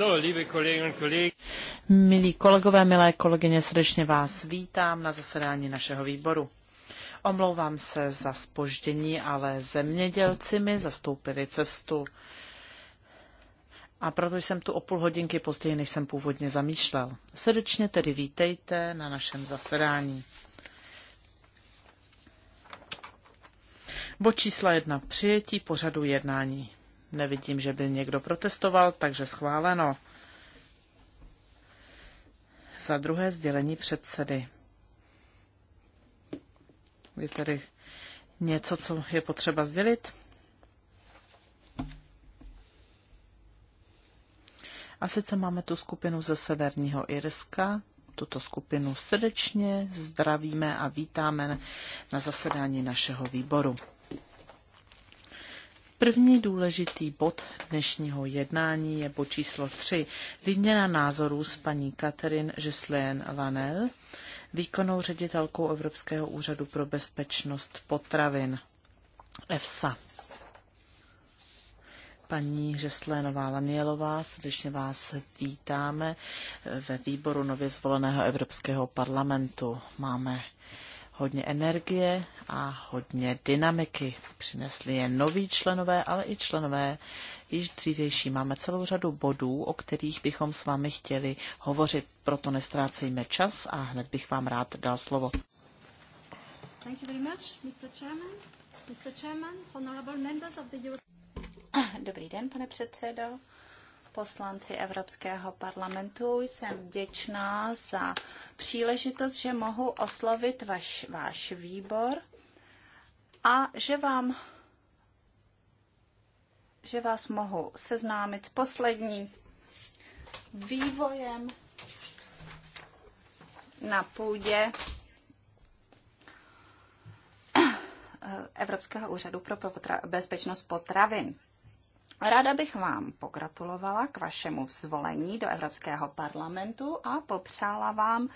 Milí kolegové, milé kolegyně, srdečně vás vítám na zasedání našeho výboru. Omlouvám se za spoždění, ale zemědělci mi zastoupili cestu. A proto jsem tu o půl hodinky později, než jsem původně zamýšlel. Srdečně tedy vítejte na našem zasedání. Bod čísla jedna. Přijetí pořadu jednání. Nevidím, že by někdo protestoval, takže schváleno. Za druhé sdělení předsedy. Je tady něco, co je potřeba sdělit? A sice máme tu skupinu ze Severního Irska. Tuto skupinu srdečně zdravíme a vítáme na zasedání našeho výboru. První důležitý bod dnešního jednání je bod číslo 3. Výměna názorů s paní Katerin Žeslien Vanel, výkonnou ředitelkou Evropského úřadu pro bezpečnost potravin EFSA. Paní Žeslénová Lanielová, srdečně vás vítáme ve výboru nově zvoleného Evropského parlamentu. Máme hodně energie a hodně dynamiky. Přinesli je noví členové, ale i členové již dřívější. Máme celou řadu bodů, o kterých bychom s vámi chtěli hovořit, proto nestrácejme čas a hned bych vám rád dal slovo. Dobrý den, pane předsedo, poslanci Evropského parlamentu. Jsem vděčná za příležitost, že mohu oslovit vaš, váš výbor a že vám že vás mohu seznámit s posledním vývojem na půdě Evropského úřadu pro bezpečnost potravin. Ráda bych vám pogratulovala k vašemu zvolení do Evropského parlamentu a popřála vám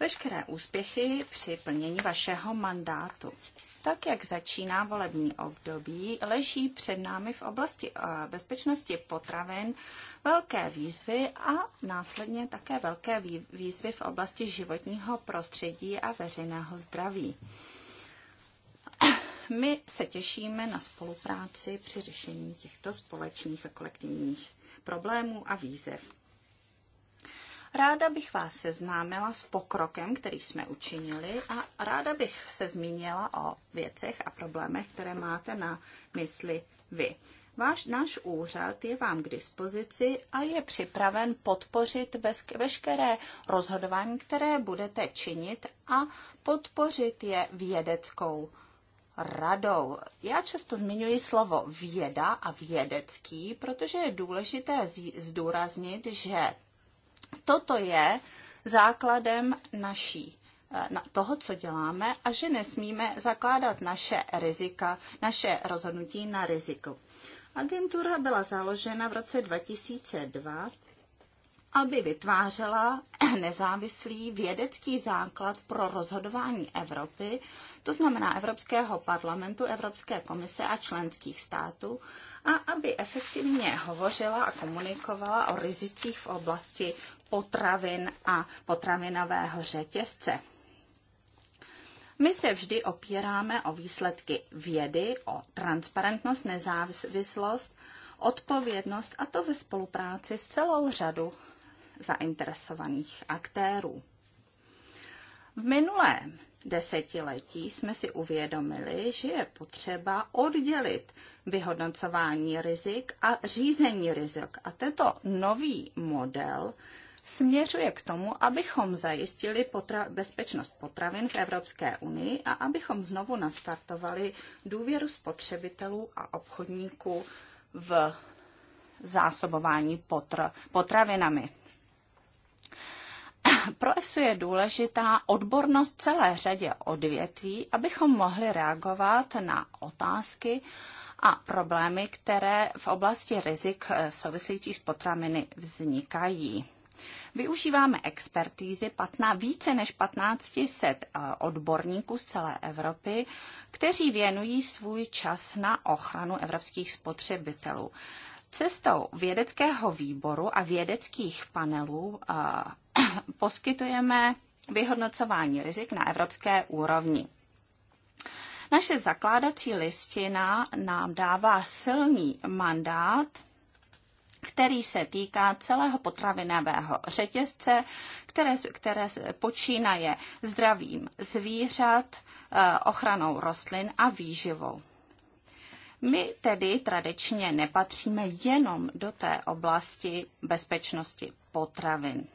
veškeré úspěchy při plnění vašeho mandátu. Tak, jak začíná volební období, leží před námi v oblasti eh, bezpečnosti potravin velké výzvy a následně také velké výzvy v oblasti životního prostředí a veřejného zdraví. My se těšíme na spolupráci při řešení těchto společných a kolektivních problémů a výzev. Ráda bych vás seznámila s pokrokem, který jsme učinili a ráda bych se zmínila o věcech a problémech, které máte na mysli vy. Váš náš úřad je vám k dispozici a je připraven podpořit bez, veškeré rozhodování, které budete činit a podpořit je vědeckou radou. Já často zmiňuji slovo věda a vědecký, protože je důležité zdůraznit, že toto je základem naší eh, na toho, co děláme a že nesmíme zakládat naše rizika, naše rozhodnutí na riziku. Agentura byla založena v roce 2002 aby vytvářela nezávislý vědecký základ pro rozhodování Evropy, to znamená Evropského parlamentu, Evropské komise a členských států, a aby efektivně hovořila a komunikovala o rizicích v oblasti potravin a potravinového řetězce. My se vždy opíráme o výsledky vědy, o transparentnost, nezávislost, odpovědnost a to ve spolupráci s celou řadou zainteresovaných aktérů. V minulém desetiletí jsme si uvědomili, že je potřeba oddělit vyhodnocování rizik a řízení rizik. A tento nový model směřuje k tomu, abychom zajistili potra- bezpečnost potravin v Evropské unii a abychom znovu nastartovali důvěru spotřebitelů a obchodníků v zásobování potr- potravinami. Pro EFSU je důležitá odbornost celé řadě odvětví, abychom mohli reagovat na otázky a problémy, které v oblasti rizik v eh, souvislících s potraviny vznikají. Využíváme expertízy 15, více než 1500 eh, odborníků z celé Evropy, kteří věnují svůj čas na ochranu evropských spotřebitelů. Cestou vědeckého výboru a vědeckých panelů eh, poskytujeme vyhodnocování rizik na evropské úrovni. Naše zakládací listina nám dává silný mandát, který se týká celého potravinového řetězce, které, které počínaje zdravím zvířat, eh, ochranou rostlin a výživou. My tedy tradičně nepatříme jenom do té oblasti bezpečnosti potravin.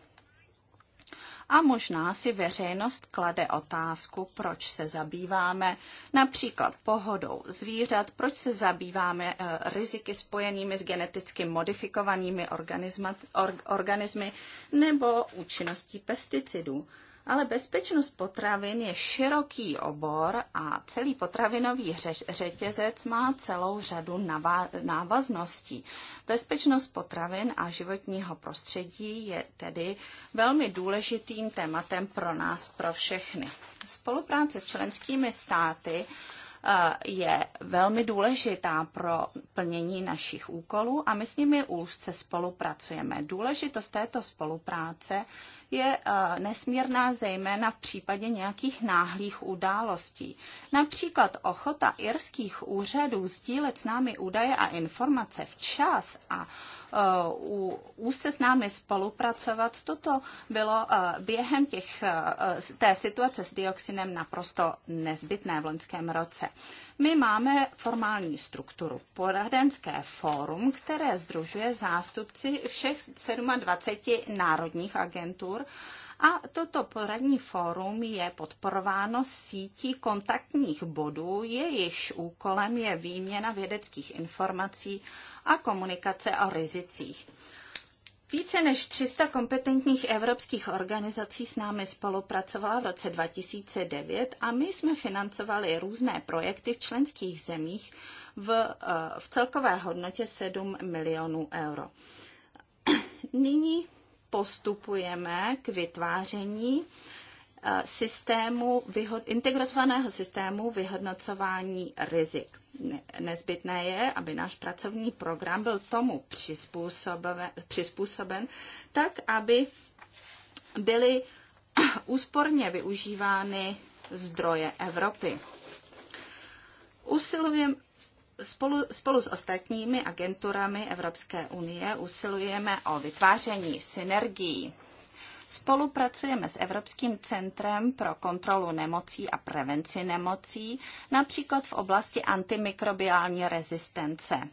A možná si veřejnost klade otázku, proč se zabýváme například pohodou zvířat, proč se zabýváme eh, riziky spojenými s geneticky modifikovanými organismy nebo účinností pesticidů. Ale bezpečnost potravin je široký obor a celý potravinový řetězec má celou řadu návazností. Bezpečnost potravin a životního prostředí je tedy velmi důležitým tématem pro nás, pro všechny. Spolupráce s členskými státy je velmi důležitá pro plnění našich úkolů a my s nimi úzce spolupracujeme. Důležitost této spolupráce je nesmírná zejména v případě nějakých náhlých událostí. Například ochota irských úřadů sdílet s námi údaje a informace včas a Eh, se s námi spolupracovat. Toto bylo eh, během těch, eh, té situace s dioxinem naprosto nezbytné v loňském roce. My máme formální strukturu, poradenské fórum, které združuje zástupci všech 27 národních agentur, a toto poradní fórum je podporováno sítí kontaktních bodů, jejichž úkolem je výměna vědeckých informací a komunikace o rizicích. Více než 300 kompetentních evropských organizací s námi spolupracovala v roce 2009 a my jsme financovali různé projekty v členských zemích v, eh, v celkové hodnotě 7 milionů euro. Nyní postupujeme k vytváření eh, systému, integrovaného systému vyhodnocování rizik. Nezbytné je, aby náš pracovní program byl tomu přizpůsoben, přizpůsoben tak, aby byly úsporně využívány zdroje Evropy. Usilujeme, Spolu, spolu s ostatními agenturami Evropské unie usilujeme o vytváření synergií. Spolupracujeme s Evropským centrem pro kontrolu nemocí a prevenci nemocí, například v oblasti antimikrobiální rezistence.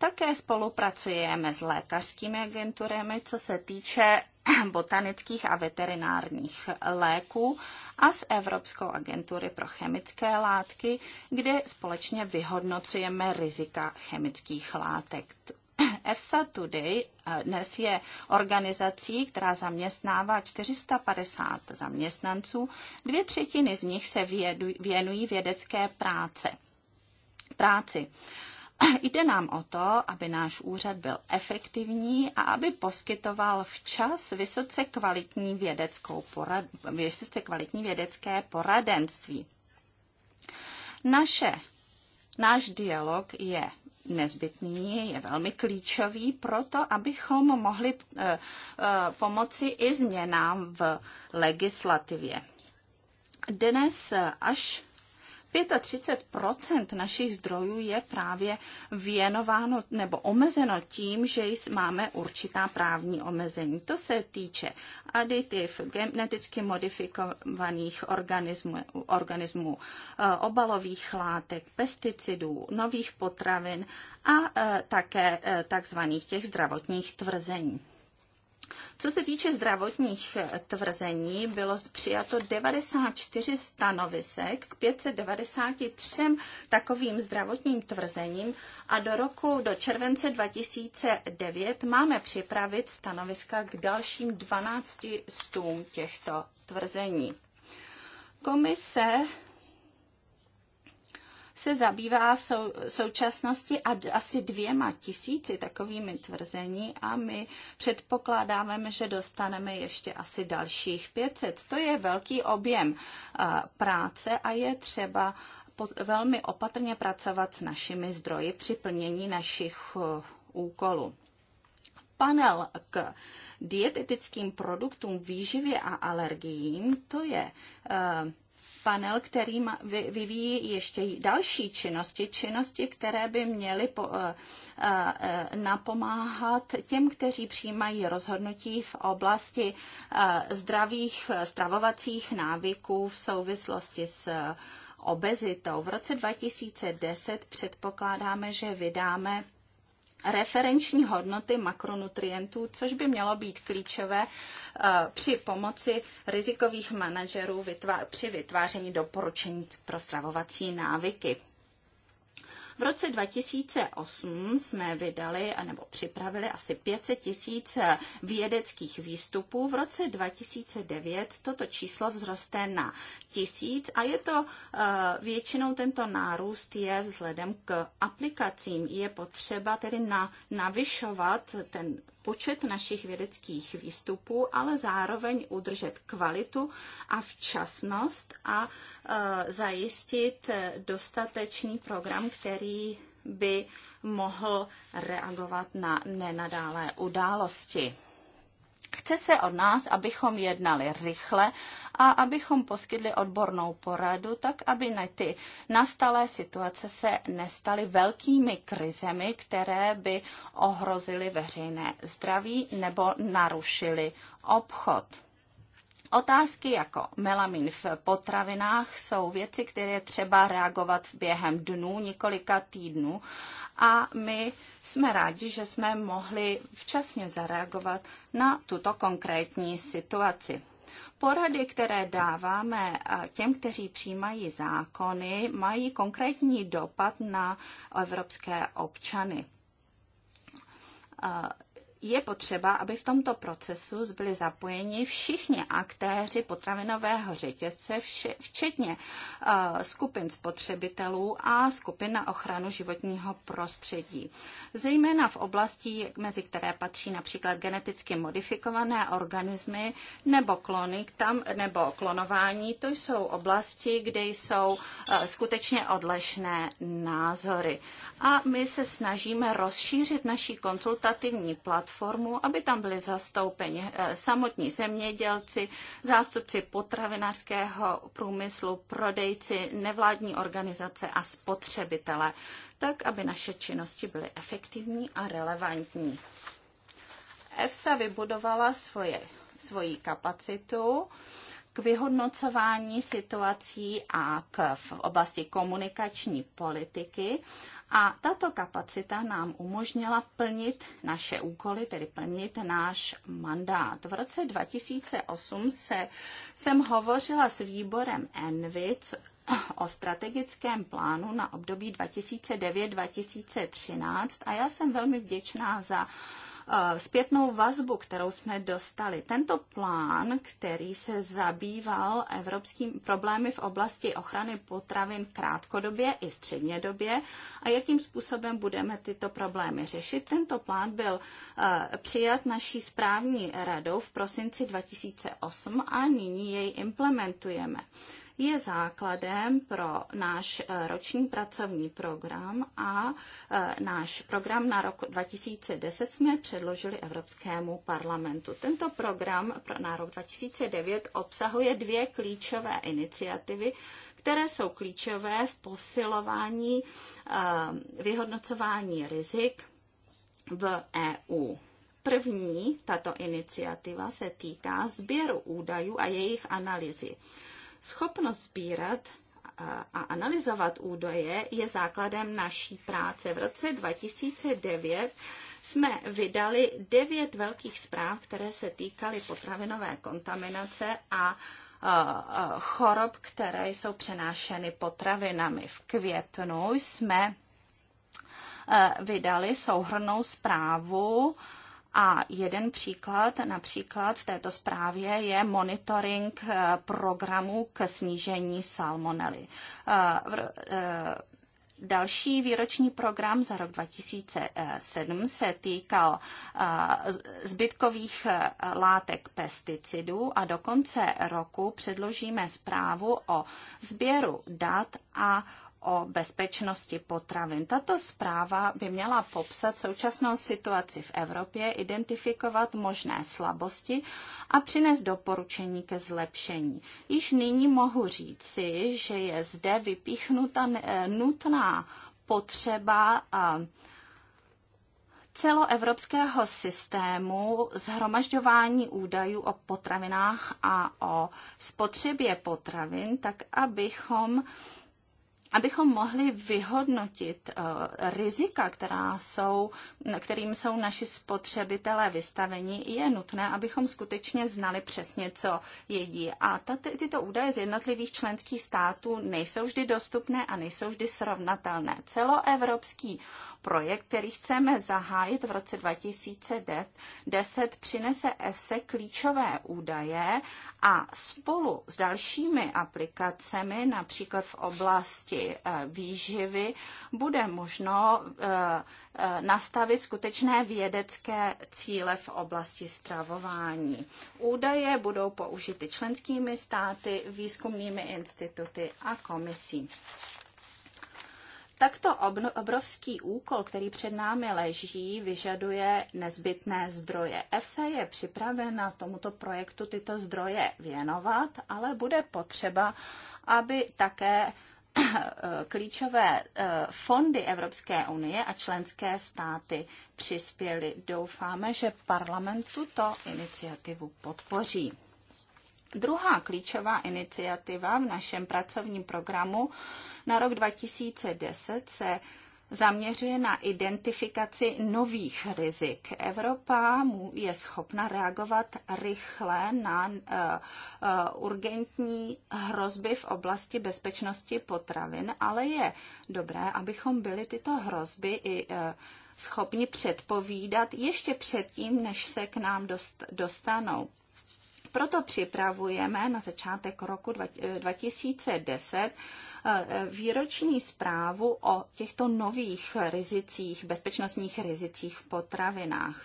Také spolupracujeme s lékařskými agenturami, co se týče botanických a veterinárních léků a s Evropskou agentury pro chemické látky, kde společně vyhodnocujeme rizika chemických látek. EFSA Today eh, dnes je organizací, která zaměstnává 450 zaměstnanců. Dvě třetiny z nich se věnují vědecké práce. práci. Jde nám o to, aby náš úřad byl efektivní a aby poskytoval včas vysoce kvalitní, vědeckou porad, vysoce kvalitní vědecké poradenství. Naše, náš dialog je nezbytný, je velmi klíčový pro to, abychom mohli eh, eh, pomoci i změnám v legislativě. Dnes eh, až 35 našich zdrojů je právě věnováno nebo omezeno tím, že máme určitá právní omezení. To se týče aditiv, geneticky modifikovaných organismů, organismů eh, obalových látek, pesticidů, nových potravin a eh, také eh, takzvaných těch zdravotních tvrzení. Co se týče zdravotních eh, tvrzení, bylo přijato 94 stanovisek k 593 takovým zdravotním tvrzením a do roku, do července 2009 máme připravit stanoviska k dalším 12 stům těchto tvrzení. Komise se zabývá v sou, současnosti asi dvěma tisíci takovými tvrzení a my předpokládáme, že dostaneme ještě asi dalších 500. To je velký objem práce a je třeba velmi opatrně pracovat s našimi zdroji při plnění našich úkolů. Panel k dietetickým produktům, výživě a alergiím, to je panel, který vyvíjí ještě další činnosti, činnosti, které by měly po, eh, eh, napomáhat těm, kteří přijímají rozhodnutí v oblasti eh, zdravých stravovacích návyků v souvislosti s obezitou. V roce 2010 předpokládáme, že vydáme referenční hodnoty makronutrientů, což by mělo být klíčové eh, při pomoci rizikových manažerů při vytváření doporučení pro stravovací návyky. V roce 2008 jsme vydali nebo připravili asi 500 tisíc vědeckých výstupů. V roce 2009 toto číslo vzroste na tisíc a je to eh, většinou tento nárůst je vzhledem k aplikacím. Je potřeba tedy na, navyšovat ten počet našich vědeckých výstupů, ale zároveň udržet kvalitu a včasnost a e, zajistit dostatečný program, který by mohl reagovat na nenadálé události. Chce se od nás, abychom jednali rychle a abychom poskytli odbornou poradu, tak aby na ty nastalé situace se nestaly velkými krizemi, které by ohrozily veřejné zdraví nebo narušily obchod. Otázky jako melamin v potravinách jsou věci, které třeba reagovat během dnů, několika týdnů a my jsme rádi, že jsme mohli včasně zareagovat na tuto konkrétní situaci. Porady, které dáváme těm, kteří přijímají zákony, mají konkrétní dopad na evropské občany je potřeba, aby v tomto procesu byli zapojeni všichni aktéři potravinového řetězce, vše, včetně uh, skupin spotřebitelů a skupin na ochranu životního prostředí. Zejména v oblasti, mezi které patří například geneticky modifikované organismy nebo klony, tam, nebo klonování, to jsou oblasti, kde jsou uh, skutečně odlešné názory. A my se snažíme rozšířit naší konzultativní platformu, platformu, aby tam byly zastoupeni eh, samotní zemědělci, zástupci potravinářského průmyslu, prodejci, nevládní organizace a spotřebitele, tak aby naše činnosti byly efektivní a relevantní. EFSA vybudovala svoje, svoji kapacitu k vyhodnocování situací a k, v oblasti komunikační politiky a tato kapacita nám umožnila plnit naše úkoly, tedy plnit náš mandát. V roce 2008 se, jsem hovořila s výborem ENVIC o strategickém plánu na období 2009-2013 a já jsem velmi vděčná za Eh, zpětnou vazbu, kterou jsme dostali. Tento plán, který se zabýval evropským problémy v oblasti ochrany potravin krátkodobě i střednědobě a jakým způsobem budeme tyto problémy řešit. Tento plán byl eh, přijat naší správní radou v prosinci 2008 a nyní jej implementujeme je základem pro náš eh, roční pracovní program a eh, náš program na rok 2010 jsme předložili Evropskému parlamentu. Tento program na rok 2009 obsahuje dvě klíčové iniciativy, které jsou klíčové v posilování eh, vyhodnocování rizik v EU. První tato iniciativa se týká sběru údajů a jejich analýzy. Schopnost sbírat a analyzovat údaje je základem naší práce. V roce 2009 jsme vydali devět velkých zpráv, které se týkaly potravinové kontaminace a chorob, které jsou přenášeny potravinami. V květnu jsme vydali souhrnou zprávu a jeden příklad, například v této zprávě, je monitoring eh, programu k snížení salmonely. Eh, eh, další výroční program za rok 2007 se týkal zbytkových látek pesticidů a do konce roku předložíme zprávu o sběru dat a o bezpečnosti potravin. Tato zpráva by měla popsat současnou situaci v Evropě, identifikovat možné slabosti a přinést doporučení ke zlepšení. Již nyní mohu říci, že je zde vypíchnuta eh, nutná potřeba eh, celoevropského systému zhromažďování údajů o potravinách a o spotřebě potravin, tak abychom abychom mohli vyhodnotit eh, rizika, která jsou, kterým jsou naši spotřebitelé vystaveni, je nutné, abychom skutečně znali přesně, co jedí. A tato, tyto údaje z jednotlivých členských států nejsou vždy dostupné a nejsou vždy srovnatelné. Celoevropský Projekt, který chceme zahájit v roce 2010, přinese EFSE klíčové údaje a spolu s dalšími aplikacemi, například v oblasti eh, výživy, bude možno eh, eh, nastavit skutečné vědecké cíle v oblasti stravování. Údaje budou použity členskými státy, výzkumnými instituty a komisí. Takto obrovský úkol, který před námi leží, vyžaduje nezbytné zdroje. EFSA je připravena tomuto projektu tyto zdroje věnovat, ale bude potřeba, aby také eh, klíčové eh, fondy Evropské unie a členské státy přispěly. Doufáme, že parlament tuto iniciativu podpoří. Druhá klíčová iniciativa v našem pracovním programu na rok 2010 se zaměřuje na identifikaci nových rizik. Evropa je schopna reagovat rychle na eh, eh, urgentní hrozby v oblasti bezpečnosti potravin, ale je dobré, abychom byli tyto hrozby i eh, schopni předpovídat ještě předtím, než se k nám dostanou. Proto připravujeme na začátek roku 2010 eh, eh, eh, výroční zprávu o těchto nových rizicích, bezpečnostních rizicích v potravinách.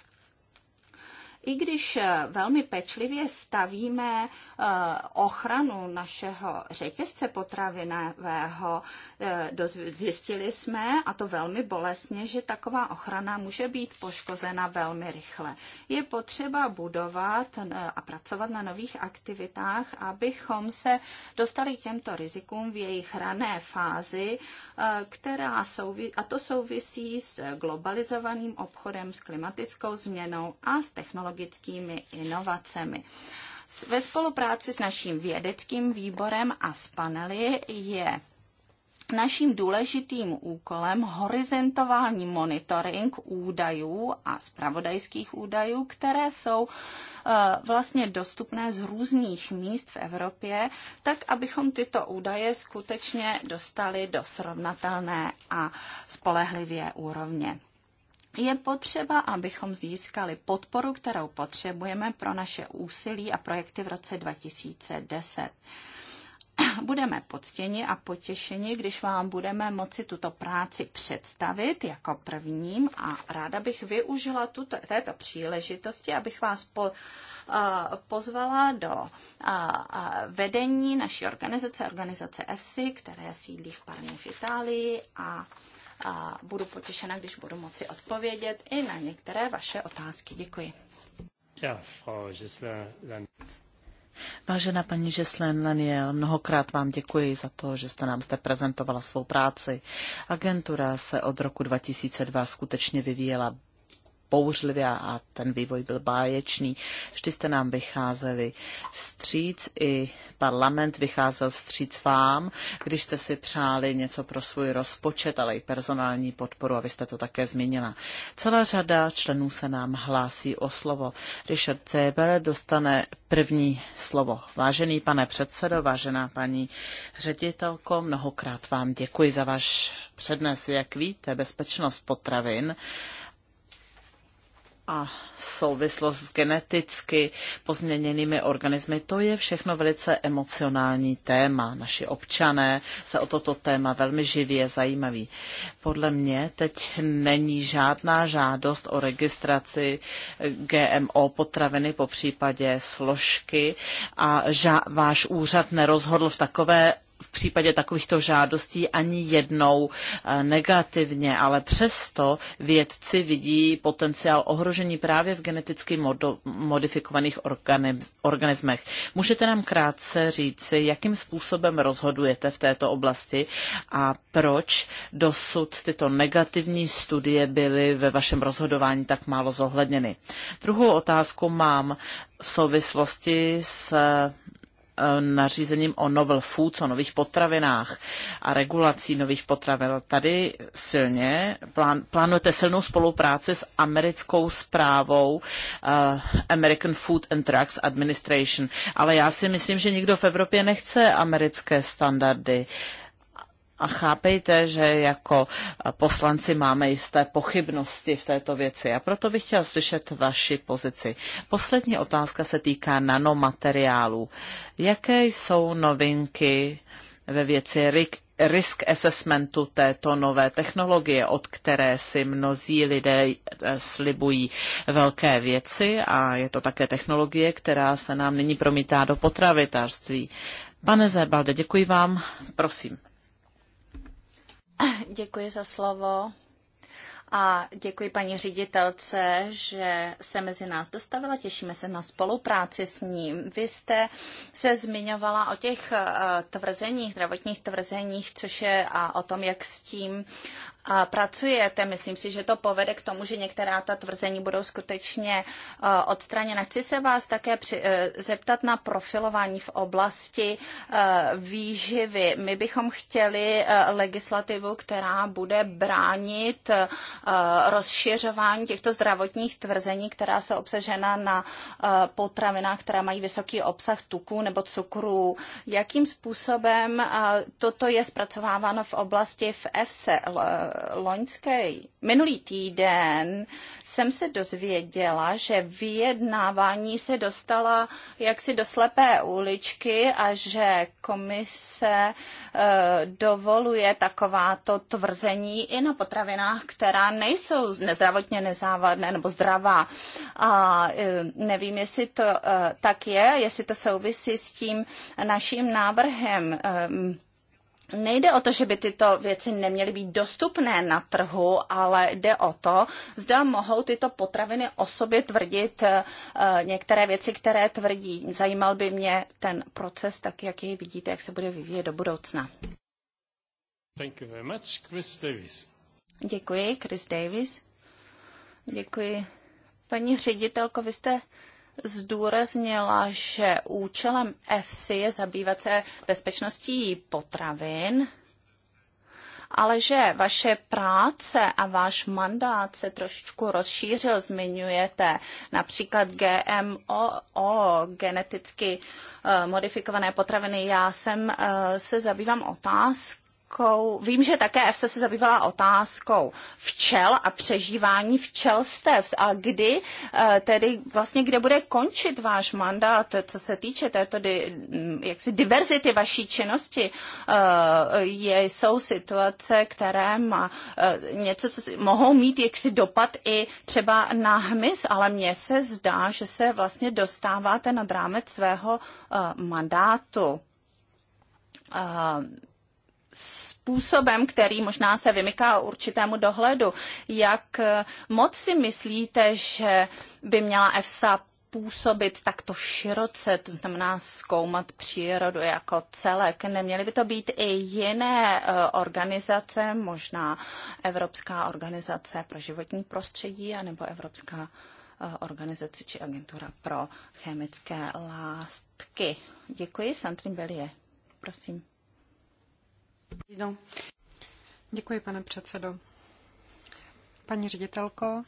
I když eh, velmi pečlivě stavíme eh, ochranu našeho řetězce potravinového, eh, zjistili jsme, a to velmi bolestně, že taková ochrana může být poškozena velmi rychle. Je potřeba budovat a pracovat na nových aktivitách, abychom se dostali k těmto rizikům v jejich rané fázi, která souvi- a to souvisí s globalizovaným obchodem, s klimatickou změnou a s technologií technologickými inovacemi. Ve spolupráci s naším vědeckým výborem a s panely je Naším důležitým úkolem horizontální monitoring údajů a spravodajských údajů, které jsou eh, vlastně dostupné z různých míst v Evropě, tak abychom tyto údaje skutečně dostali do srovnatelné a spolehlivě úrovně je potřeba, abychom získali podporu, kterou potřebujeme pro naše úsilí a projekty v roce 2010. Budeme poctěni a potěšeni, když vám budeme moci tuto práci představit jako prvním a ráda bych využila tuto, této příležitosti, abych vás po, eh, pozvala do eh, eh, vedení naší organizace, organizace EFSI, které sídlí v Parmě v Itálii a a budu potěšena, když budu moci odpovědět i na některé vaše otázky. Děkuji. Ja, Frau Vážená paní Žeslen Laniel, mnohokrát vám děkuji za to, že jste nám zde prezentovala svou práci. Agentura se od roku 2002 skutečně vyvíjela bouřlivě a ten vývoj byl báječný. Vždy jste nám vycházeli vstříc, i parlament vycházel vstříc vám, když jste si přáli něco pro svůj rozpočet, ale i personální podporu a vy jste to také změnila. Celá řada členů se nám hlásí o slovo. Richard Zeber dostane první slovo. Vážený pane předsedo, vážená paní ředitelko, mnohokrát vám děkuji za váš přednes. Jak víte, bezpečnost potravin a souvislost s geneticky pozměněnými organismy, to je všechno velice emocionální téma. Naši občané se o toto téma velmi živě zajímaví. Podle mě teď není žádná žádost o registraci GMO potraviny po případě složky a ža- váš úřad nerozhodl v takové případě takovýchto žádostí ani jednou eh, negativně, ale přesto vědci vidí potenciál ohrožení právě v geneticky modifikovaných organismech. Můžete nám krátce říci, jakým způsobem rozhodujete v této oblasti a proč dosud tyto negativní studie byly ve vašem rozhodování tak málo zohledněny? Druhou otázku mám v souvislosti s nařízením o novel foods, o nových potravinách a regulací nových potravin. Tady silně plán, plánujete silnou spolupráci s americkou zprávou uh, American Food and Drugs Administration, ale já si myslím, že nikdo v Evropě nechce americké standardy. Uh, a chápejte, že jako poslanci máme jisté pochybnosti v této věci a proto bych chtěl slyšet vaši pozici. Poslední otázka se týká nanomateriálů. Jaké jsou novinky ve věci risk assessmentu této nové technologie, od které si mnozí lidé eh, slibují velké věci a je to také technologie, která se nám nyní promítá do potravitářství. Pane Zébalde, děkuji vám, prosím. Děkuji za slovo a děkuji paní ředitelce, že se mezi nás dostavila. Těšíme se na spolupráci s ním. Vy jste se zmiňovala o těch eh, tvrzeních, zdravotních tvrzeních, což je a o tom, jak s tím pracujete. Myslím si, že to povede k tomu, že některá ta tvrzení budou skutečně eh, odstraněna. Chci se vás také při, eh, zeptat na profilování v oblasti eh, výživy. My bychom chtěli legislativu, která bude bránit rozšiřování těchto zdravotních tvrzení, která jsou obsažena na potravinách, která mají vysoký obsah tuků nebo cukrů. Jakým způsobem toto je zpracováváno v oblasti v EFSE loňský, minulý týden jsem se dozvěděla, že vyjednávání se dostala jaksi do slepé uličky a že komise eh, dovoluje takováto tvrzení i na potravinách, která nejsou nezdravotně nezávadné nebo zdravá. A eh, nevím, jestli to eh, tak je, jestli to souvisí s tím naším návrhem. Ehm, Nejde o to, že by tyto věci neměly být dostupné na trhu, ale jde o to, zda mohou tyto potraviny o sobě tvrdit eh, některé věci, které tvrdí. Zajímal by mě ten proces, tak jak jej vidíte, jak se bude vyvíjet do budoucna. Thank you very much, Chris Davis. Děkuji, Chris Davis. Děkuji. Paní ředitelko, vy jste zdůraznila, že účelem EFSI je zabývat se bezpečností potravin, ale že vaše práce a váš mandát se trošičku rozšířil, zmiňujete například GMO, o, geneticky eh, modifikované potraviny. Já jsem eh, se zabývám otázkou, otázkou, vím, že také FC se zabývala otázkou včel a přežívání včelstev a kdy eh, tedy vlastně, kde bude končit váš mandát, co se týče této mm, jaksi diverzity vaší činnosti, eh, je, jsou situace, které má eh, něco, co si, mohou mít jaksi dopad i třeba na hmyz, ale mně se zdá, že se vlastně dostáváte nad rámec svého mandátu způsobem, který možná se vymyká určitému dohledu. Jak eh, moc si myslíte, že by měla EFSA působit takto široce, to znamená zkoumat přírodu jako celek. Neměly by to být i jiné eh, organizace, možná Evropská organizace pro životní prostředí, anebo Evropská eh, organizace či agentura pro chemické látky. Děkuji, Santrin Belie. Prosím. Děkuji, pane předsedo. Paní ředitelko,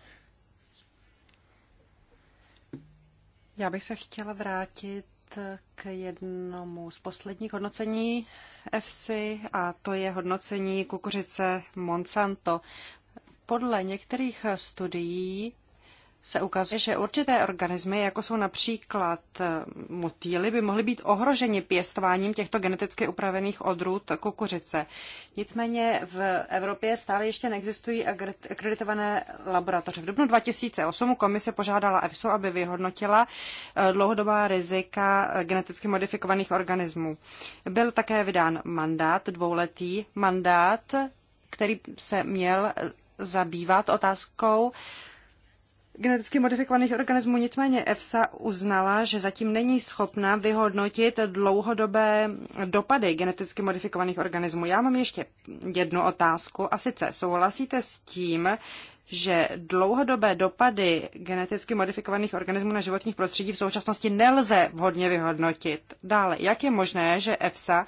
já bych se chtěla vrátit k jednomu z posledních hodnocení EFSI a to je hodnocení kukuřice Monsanto. Podle některých studií se ukazuje, že určité organismy, jako jsou například eh, motýly, by mohly být ohroženi pěstováním těchto geneticky upravených odrůd kukuřice. Nicméně v Evropě stále ještě neexistují akreditované laboratoře. V dubnu 2008 komise požádala EFSU, aby vyhodnotila eh, dlouhodobá rizika eh, geneticky modifikovaných organismů. Byl také vydán mandát, dvouletý mandát, který se měl zabývat otázkou, geneticky modifikovaných organismů. Nicméně EFSA uznala, že zatím není schopna vyhodnotit dlouhodobé dopady geneticky modifikovaných organismů. Já mám ještě jednu otázku a sice souhlasíte s tím, že dlouhodobé dopady geneticky modifikovaných organismů na životních prostředí v současnosti nelze vhodně vyhodnotit. Dále, jak je možné, že EFSA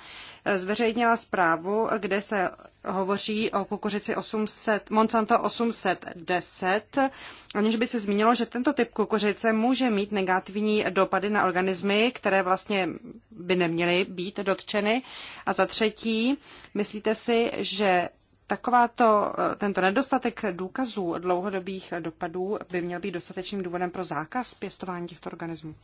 zveřejnila zprávu, kde se hovoří o kukuřici 800, Monsanto 810, aniž by se zmínilo, že tento typ kukuřice může mít negativní dopady na organismy, které vlastně by neměly být dotčeny. A za třetí, myslíte si, že Takováto, eh, tento nedostatek důkazů dlouhodobých dopadů by měl být dostatečným důvodem pro zákaz pěstování těchto organismů.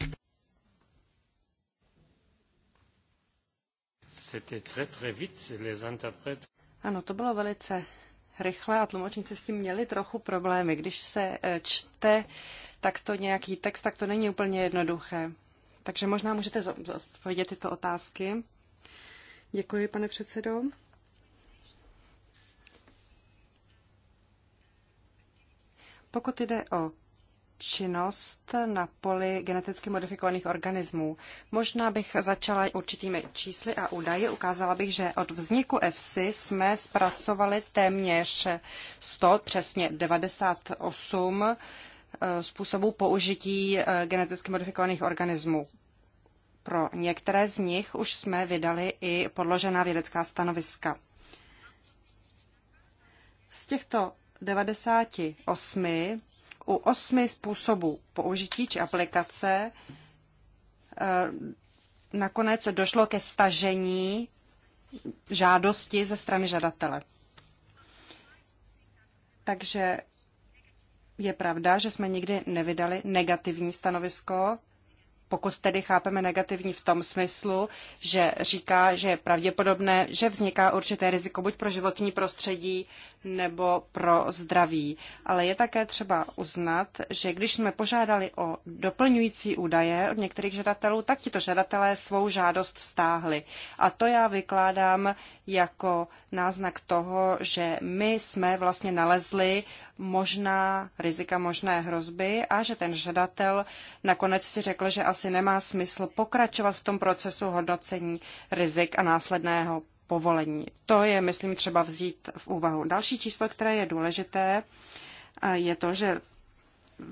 Ano, to bylo velice rychle a tlumočníci s tím měli trochu problémy. Když se eh, čte takto nějaký text, tak to není úplně jednoduché. Takže možná můžete zodpovědět tyto otázky. Děkuji, pane předsedo. Pokud jde o činnost na poli geneticky modifikovaných organismů. Možná bych začala určitými čísly a údaji. Ukázala bych, že od vzniku EFSI jsme zpracovali téměř 100, přesně 98 eh, způsobů použití eh, geneticky modifikovaných organismů. Pro některé z nich už jsme vydali i podložená vědecká stanoviska. Z těchto 98 u osmi způsobů použití či aplikace eh, nakonec došlo ke stažení žádosti ze strany žadatele. Takže je pravda, že jsme nikdy nevydali negativní stanovisko pokud tedy chápeme negativní v tom smyslu, že říká, že je pravděpodobné, že vzniká určité riziko buď pro životní prostředí nebo pro zdraví. Ale je také třeba uznat, že když jsme požádali o doplňující údaje od některých žadatelů, tak tito žadatelé svou žádost stáhli. A to já vykládám jako náznak toho, že my jsme vlastně nalezli možná rizika, možné hrozby a že ten žadatel nakonec si řekl, že asi nemá smysl pokračovat v tom procesu hodnocení rizik a následného povolení. To je, myslím, třeba vzít v úvahu. Další číslo, které je důležité, je to, že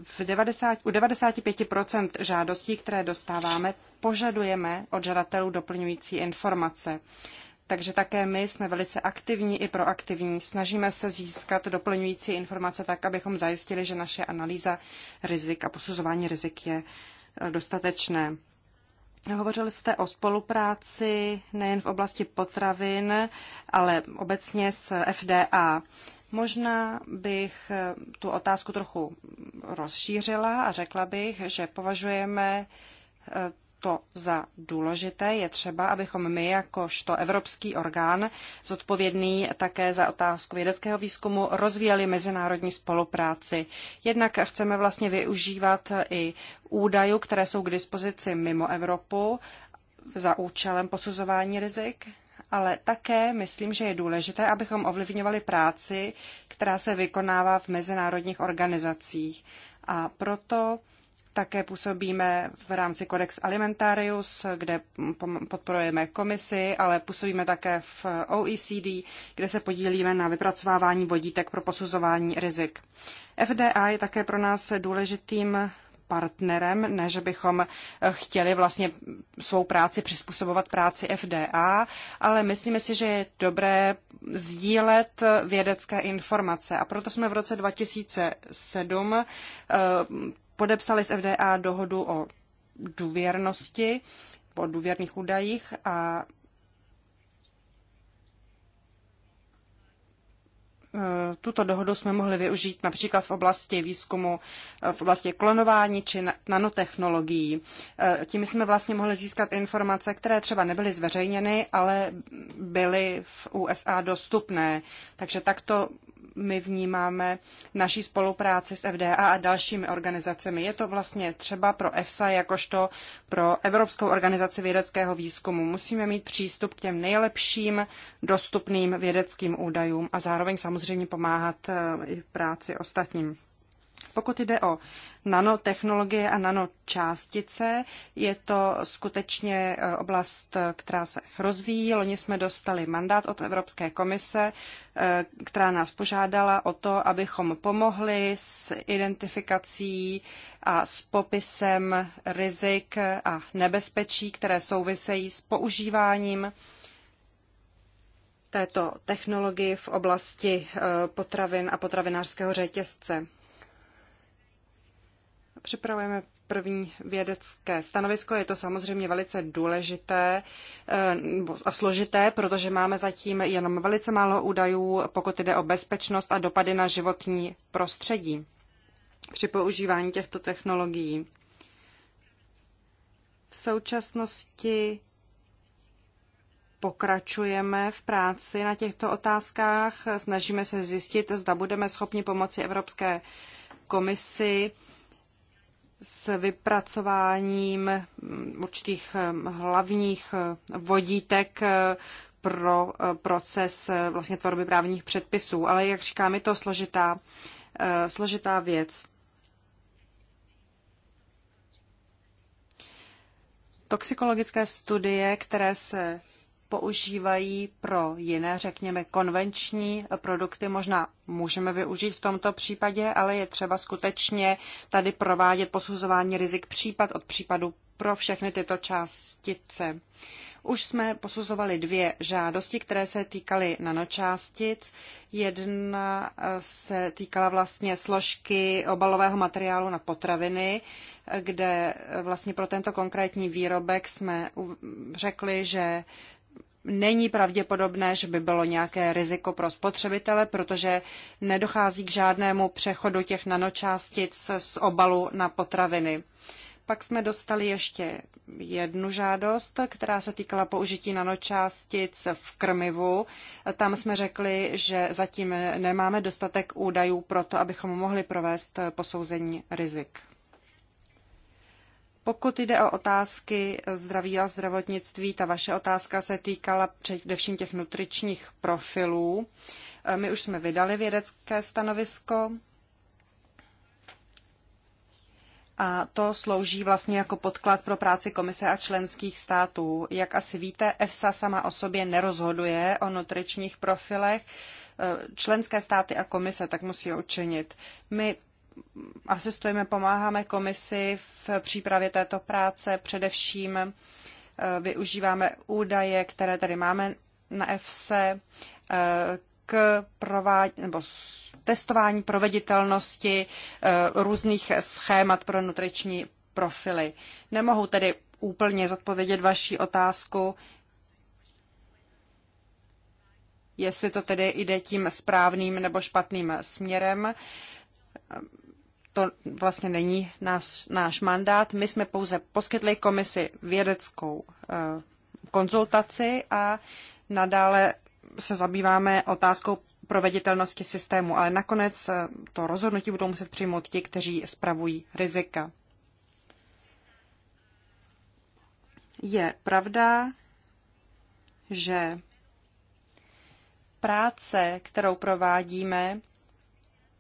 v 90, u 95% žádostí, které dostáváme, požadujeme od žadatelů doplňující informace. Takže také my jsme velice aktivní i proaktivní. Snažíme se získat doplňující informace tak, abychom zajistili, že naše analýza rizik a posuzování rizik je dostatečné. Hovořil jste o spolupráci nejen v oblasti potravin, ale obecně s FDA. Možná bych tu otázku trochu rozšířila a řekla bych, že považujeme to za důležité. Je třeba, abychom my, jakožto evropský orgán, zodpovědný také za otázku vědeckého výzkumu, rozvíjeli mezinárodní spolupráci. Jednak chceme vlastně využívat i údajů, které jsou k dispozici mimo Evropu za účelem posuzování rizik ale také myslím, že je důležité, abychom ovlivňovali práci, která se vykonává v mezinárodních organizacích. A proto také působíme v rámci Codex Alimentarius, kde podporujeme komisi, ale působíme také v OECD, kde se podílíme na vypracovávání vodítek pro posuzování rizik. FDA je také pro nás důležitým partnerem, než bychom chtěli vlastně svou práci přizpůsobovat práci FDA, ale myslíme si, že je dobré sdílet vědecké informace. A proto jsme v roce 2007 podepsali s FDA dohodu o důvěrnosti, o důvěrných údajích a e, tuto dohodu jsme mohli využít například v oblasti výzkumu, e, v oblasti klonování či nanotechnologií. E, tím jsme vlastně mohli získat informace, které třeba nebyly zveřejněny, ale byly v USA dostupné. Takže takto my vnímáme naší spolupráci s FDA a dalšími organizacemi. Je to vlastně třeba pro EFSA jakožto pro Evropskou organizaci vědeckého výzkumu. Musíme mít přístup k těm nejlepším dostupným vědeckým údajům a zároveň samozřejmě pomáhat eh, i práci ostatním. Pokud jde o nanotechnologie a nanočástice, je to skutečně eh, oblast, eh, která se rozvíjí. Loni jsme dostali mandát od Evropské komise, eh, která nás požádala o to, abychom pomohli s identifikací a s popisem rizik a nebezpečí, které souvisejí s používáním této technologii v oblasti potravin a potravinářského řetězce. Připravujeme první vědecké stanovisko. Je to samozřejmě velice důležité eh, a složité, protože máme zatím jenom velice málo údajů, pokud jde o bezpečnost a dopady na životní prostředí při používání těchto technologií. V současnosti pokračujeme v práci na těchto otázkách. Snažíme se zjistit, zda budeme schopni pomoci Evropské komisi s vypracováním mm, určitých mm, hlavních mm, vodítek pro proces vlastně tvorby právních předpisů. Ale jak říkám, je to složitá, složitá věc. Toxikologické studie, které se používají pro jiné, řekněme, konvenční produkty. Možná můžeme využít v tomto případě, ale je třeba skutečně tady provádět posuzování rizik případ od případu pro všechny tyto částice. Už jsme posuzovali dvě žádosti, které se týkaly nanočástic. Jedna se týkala vlastně složky obalového materiálu na potraviny, kde vlastně pro tento konkrétní výrobek jsme řekli, že není pravděpodobné, že by bylo nějaké riziko pro spotřebitele, protože nedochází k žádnému přechodu těch nanočástic z obalu na potraviny. Pak jsme dostali ještě jednu žádost, která se týkala použití nanočástic v krmivu. Tam jsme řekli, že zatím nemáme dostatek údajů pro to, abychom mohli provést posouzení rizik. Pokud jde o otázky zdraví a zdravotnictví, ta vaše otázka se týkala především těch nutričních profilů. E, my už jsme vydali vědecké stanovisko a to slouží vlastně jako podklad pro práci komise a členských států. Jak asi víte, EFSA sama o sobě nerozhoduje o nutričních profilech. E, členské státy a komise tak musí učinit. My asistujeme, pomáháme komisi v přípravě této práce, především eh, využíváme údaje, které tady máme na EFSE eh, k prová... nebo testování proveditelnosti eh, různých schémat pro nutriční profily. Nemohu tedy úplně zodpovědět vaši otázku, jestli to tedy jde tím správným nebo špatným směrem to vlastně není náš, náš mandát. My jsme pouze poskytli komisi vědeckou eh, konzultaci a nadále se zabýváme otázkou proveditelnosti systému, ale nakonec eh, to rozhodnutí budou muset přijmout ti, kteří spravují rizika. Je pravda, že práce, kterou provádíme,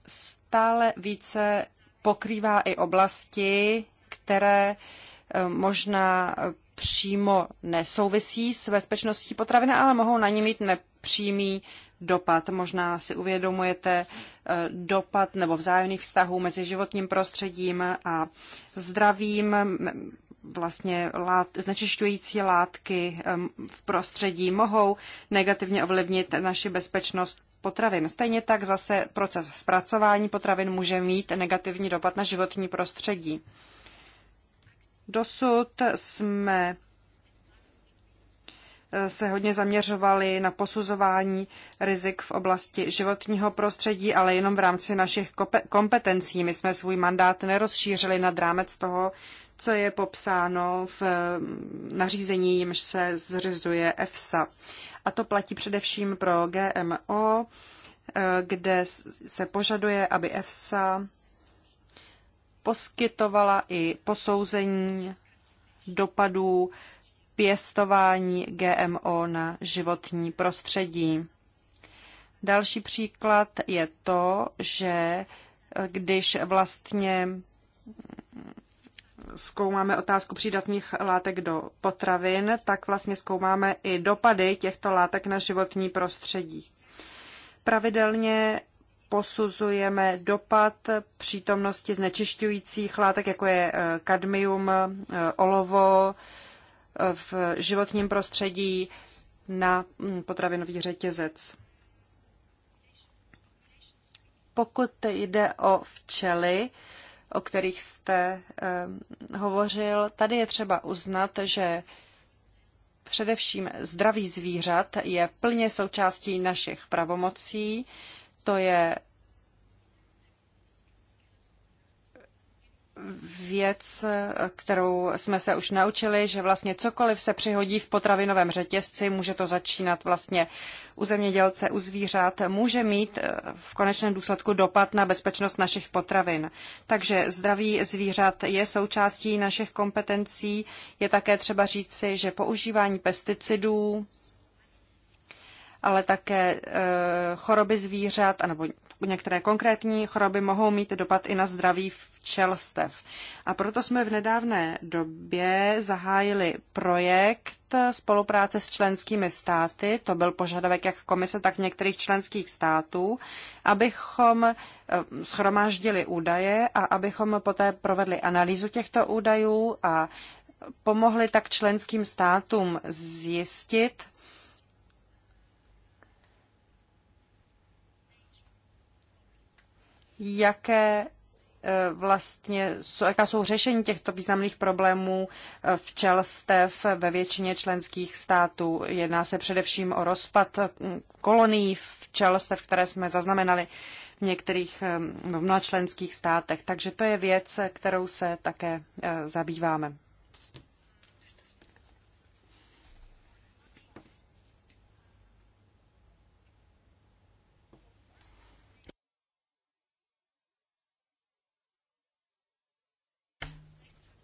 stále více pokrývá i oblasti, které eh, možná přímo nesouvisí s bezpečností potravin, ale mohou na ní mít nepřímý dopad. Možná si uvědomujete eh, dopad nebo vzájemných vztahů mezi životním prostředím a zdravím, vlastně lát, znečišťující látky v prostředí mohou negativně ovlivnit naši bezpečnost potravin. Stejně tak zase proces zpracování potravin může mít negativní dopad na životní prostředí. Dosud jsme eh, se hodně zaměřovali na posuzování rizik v oblasti životního prostředí, ale jenom v rámci našich kompetencí. My jsme svůj mandát nerozšířili nad rámec toho, co je popsáno v eh, nařízení, jimž se zřizuje EFSA. A to platí především pro GMO, eh, kde se požaduje, aby EFSA poskytovala i posouzení dopadů pěstování GMO na životní prostředí. Další příklad je to, že eh, když vlastně zkoumáme otázku přídatných látek do potravin, tak vlastně zkoumáme i dopady těchto látek na životní prostředí. Pravidelně posuzujeme dopad přítomnosti znečišťujících látek, jako je eh, kadmium, eh, olovo eh, v životním prostředí na hm, potravinový řetězec. Pokud jde o včely, o kterých jste eh, hovořil. Tady je třeba uznat, že především zdraví zvířat je plně součástí našich pravomocí. To je věc, kterou jsme se už naučili, že vlastně cokoliv se přihodí v potravinovém řetězci, může to začínat vlastně u zemědělce, u zvířat, může mít eh, v konečném důsledku dopad na bezpečnost našich potravin. Takže zdraví zvířat je součástí našich kompetencí. Je také třeba říci, že používání pesticidů ale také eh, choroby zvířat, anebo některé konkrétní choroby mohou mít dopad i na zdraví včelstev. A proto jsme v nedávné době zahájili projekt spolupráce s členskými státy, to byl požadavek jak komise, tak některých členských států, abychom eh, schromáždili údaje a abychom poté provedli analýzu těchto údajů a pomohli tak členským státům zjistit, jaké eh, vlastně, jaká jsou řešení těchto významných problémů eh, včelstev ve většině členských států. Jedná se především o rozpad mm, kolonií včelstev, které jsme zaznamenali v některých eh, v mnoha členských státech. Takže to je věc, kterou se také zabýváme.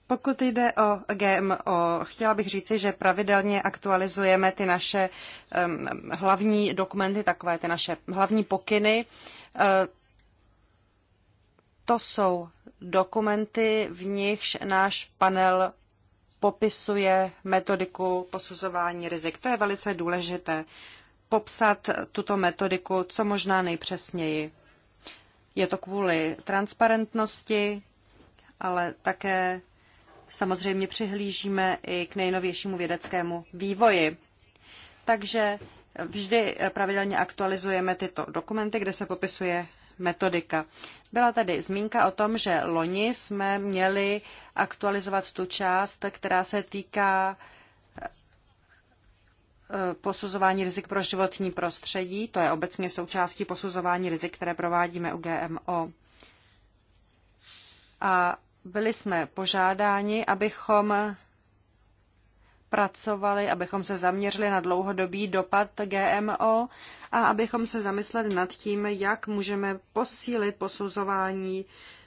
Pokud jde o GMO, chtěla bych říci, že pravidelně aktualizujeme ty naše um, hlavní dokumenty, takové ty naše hlavní pokyny. Uh, to jsou dokumenty, v nichž náš panel popisuje metodiku posuzování rizik. To je velice důležité, popsat tuto metodiku co možná nejpřesněji. Je to kvůli transparentnosti, ale také Samozřejmě přihlížíme i k nejnovějšímu vědeckému vývoji. Takže vždy pravidelně aktualizujeme tyto dokumenty, kde se popisuje metodika. Byla tady zmínka o tom, že loni jsme měli aktualizovat tu část, která se týká e, posuzování rizik pro životní prostředí. To je obecně součástí posuzování rizik, které provádíme u GMO. A byli jsme požádáni, abychom pracovali, abychom se zaměřili na dlouhodobý dopad GMO a abychom se zamysleli nad tím, jak můžeme posílit posuzování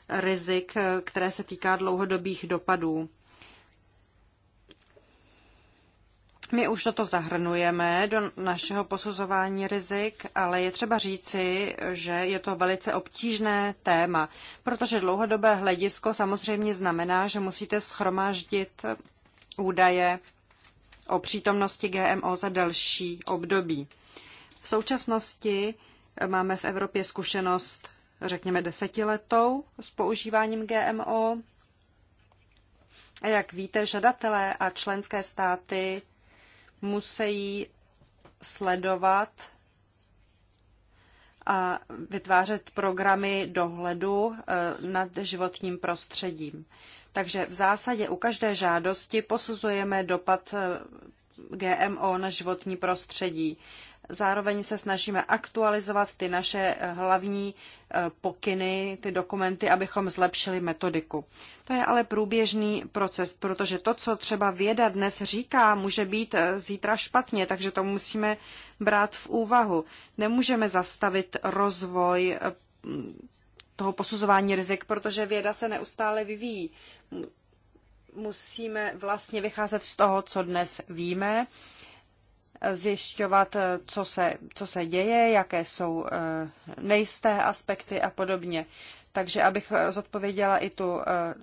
rizik, které se týká dlouhodobých dopadů. My už toto zahrnujeme do našeho posuzování rizik, ale je třeba říci, že je to velice obtížné téma, protože dlouhodobé hledisko samozřejmě znamená, že musíte schromáždit údaje o přítomnosti GMO za další období. V současnosti máme v Evropě zkušenost, řekněme, desetiletou s používáním GMO. A jak víte, žadatelé a členské státy musí sledovat a vytvářet programy dohledu eh, nad životním prostředím. Takže v zásadě u každé žádosti posuzujeme dopad eh, GMO na životní prostředí. Zároveň se snažíme aktualizovat ty naše hlavní e, pokyny, ty dokumenty, abychom zlepšili metodiku. To je ale průběžný proces, protože to, co třeba věda dnes říká, může být e, zítra špatně, takže to musíme brát v úvahu. Nemůžeme zastavit rozvoj e, toho posuzování rizik, protože věda se neustále vyvíjí musíme vlastně vycházet z toho, co dnes víme, zjišťovat, co se, co se děje, jaké jsou eh, nejisté aspekty a podobně. Takže abych eh, zodpověděla i tu eh,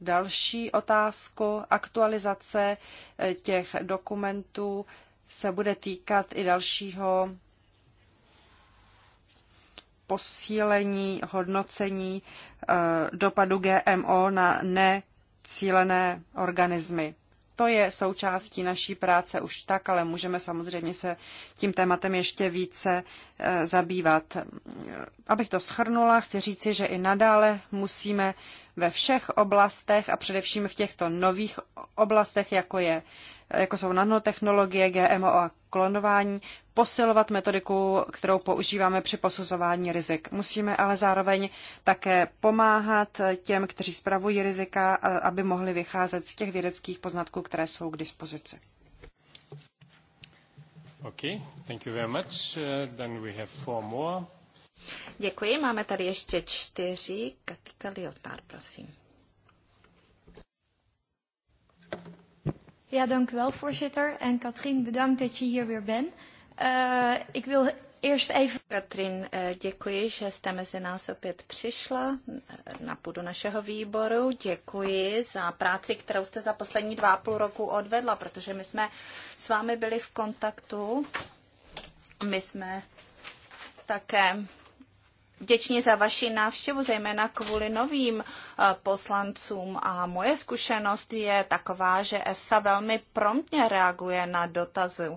další otázku, aktualizace těch dokumentů se bude týkat i dalšího posílení hodnocení dopadu GMO na ne cílené organismy. To je součástí naší práce už tak, ale můžeme samozřejmě se tím tématem ještě více eh, zabývat. Abych to schrnula, chci říci, že i nadále musíme ve všech oblastech a především v těchto nových oblastech, jako, je, jako jsou nanotechnologie, GMO a klonování, posilovat metodiku, kterou používáme při posuzování rizik. Musíme ale zároveň také pomáhat těm, kteří spravují rizika, aby mohli vycházet z těch vědeckých poznatků, které jsou k dispozici. Okay, thank you very much. Uh, then we have four more. Děkuji, máme tady ještě čtyři. Katika Liotár, prosím. Ja, dank u wel, voorzitter. En Katrien, bedankt dat je hier weer bent. Uh, ik wil eerst even... Katrin, eh, děkuji, že jste mezi nás opět přišla eh, na půdu našeho výboru. Děkuji za práci, kterou jste za poslední dva a půl roku odvedla, protože my jsme s vámi byli v kontaktu. My jsme také vděční za vaši návštěvu, zejména kvůli novým eh, poslancům. A moje zkušenost je taková, že EFSA velmi promptně reaguje na dotazy, eh,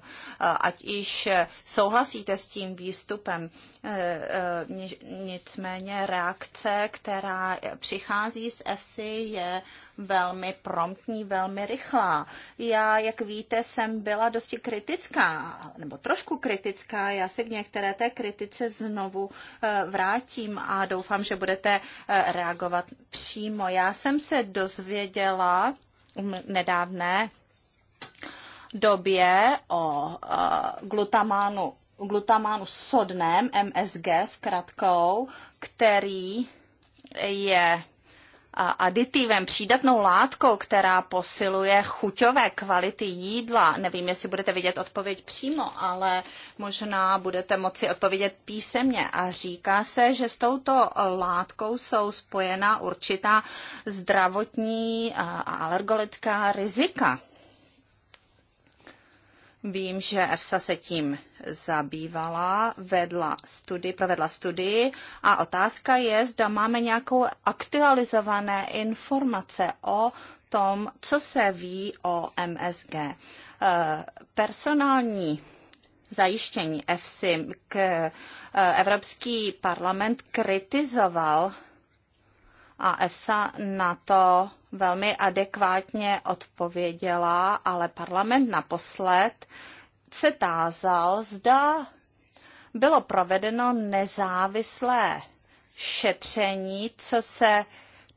ať již eh, souhlasíte s tím výstupem. Eh, eh, nicméně reakce, která přichází z EFSI, je velmi promptní, velmi rychlá. Já, jak víte, jsem byla dosti kritická, nebo trošku kritická. Já se k některé té kritice znovu eh, vrátím a doufám, že budete reagovat přímo. Já jsem se dozvěděla nedávné době o glutamánu glutamánu sodném, MSG s kratkou, který je aditivem, přídatnou látkou, která posiluje chuťové kvality jídla. Nevím, jestli budete vidět odpověď přímo, ale možná budete moci odpovědět písemně. A říká se, že s touto látkou jsou spojena určitá zdravotní a alergolická rizika. Vím, že EFSA se tím zabývala, vedla studii, provedla studii a otázka je, zda máme nějakou aktualizované informace o tom, co se ví o MSG. Eh, personální zajištění EFSI k eh, Evropský parlament kritizoval a EFSA na to velmi adekvátně odpověděla, ale parlament naposled se tázal, zda bylo provedeno nezávislé šetření, co se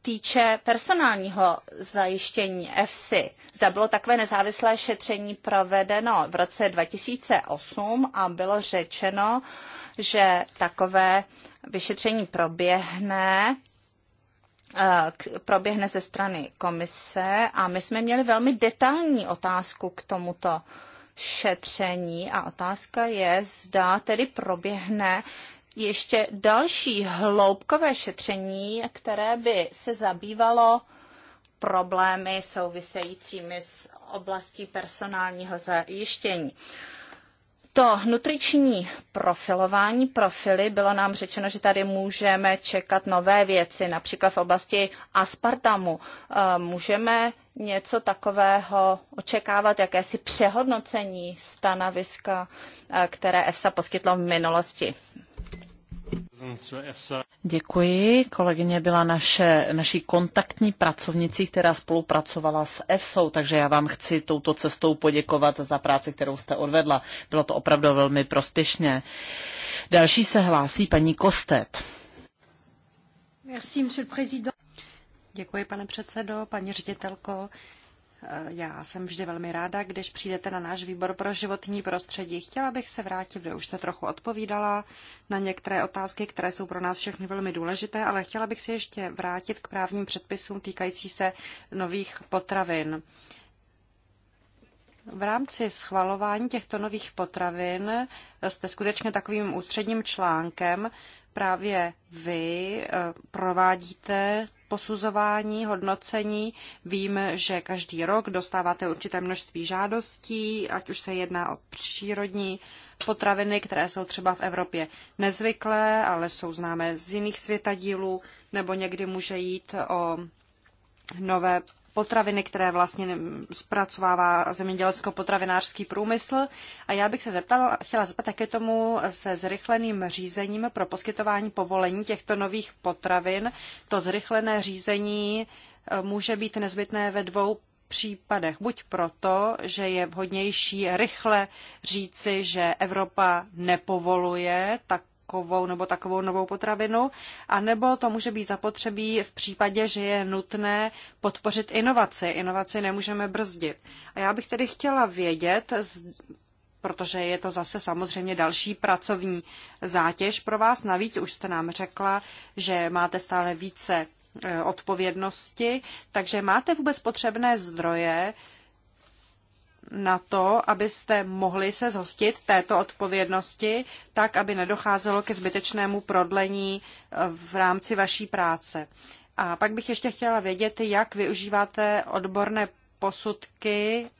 týče personálního zajištění EFSI. Zda bylo takové nezávislé šetření provedeno v roce 2008 a bylo řečeno, že takové vyšetření proběhne Eh, proběhne ze strany komise a my jsme měli velmi detailní otázku k tomuto šetření a otázka je, zda tedy proběhne ještě další hloubkové šetření, které by se zabývalo problémy souvisejícími s oblastí personálního zajištění. Uh, to nutriční profilování, profily, bylo nám řečeno, že tady můžeme čekat nové věci, například v oblasti aspartamu. Eh, můžeme něco takového očekávat, jakési přehodnocení stanoviska, eh, které EFSA poskytlo v minulosti. Děkuji. Kolegyně byla naše, naší kontaktní pracovnicí, která spolupracovala s EFSou, takže já vám chci touto cestou poděkovat za práci, kterou jste odvedla. Bylo to opravdu velmi prospěšně. Další se hlásí paní Kostet. Merci, Děkuji, pane předsedo, paní ředitelko. Já jsem vždy velmi ráda, když přijdete na náš výbor pro životní prostředí. Chtěla bych se vrátit, kde už jste trochu odpovídala na některé otázky, které jsou pro nás všechny velmi důležité, ale chtěla bych se ještě vrátit k právním předpisům týkající se nových potravin. V rámci schvalování těchto nových potravin jste skutečně takovým ústředním článkem. Právě vy eh, provádíte posuzování, hodnocení. Vím, že každý rok dostáváte určité množství žádostí, ať už se jedná o přírodní potraviny, které jsou třeba v Evropě nezvyklé, ale jsou známé z jiných světadílů, nebo někdy může jít o nové potraviny, které vlastně zpracovává zemědělecko-potravinářský průmysl. A já bych se zeptala, chtěla zeptat, také tomu se zrychleným řízením pro poskytování povolení těchto nových potravin. To zrychlené řízení eh, může být nezbytné ve dvou případech. Buď proto, že je vhodnější rychle říci, že Evropa nepovoluje tak takovou nebo takovou novou potravinu, anebo to může být zapotřebí v případě, že je nutné podpořit inovaci. Inovaci nemůžeme brzdit. A já bych tedy chtěla vědět, protože je to zase samozřejmě další pracovní zátěž pro vás. Navíc už jste nám řekla, že máte stále více e, odpovědnosti, takže máte vůbec potřebné zdroje, na to, abyste mohli se zhostit této odpovědnosti, tak aby nedocházelo ke zbytečnému prodlení eh, v rámci vaší práce. A pak bych ještě chtěla vědět, jak využíváte odborné posudky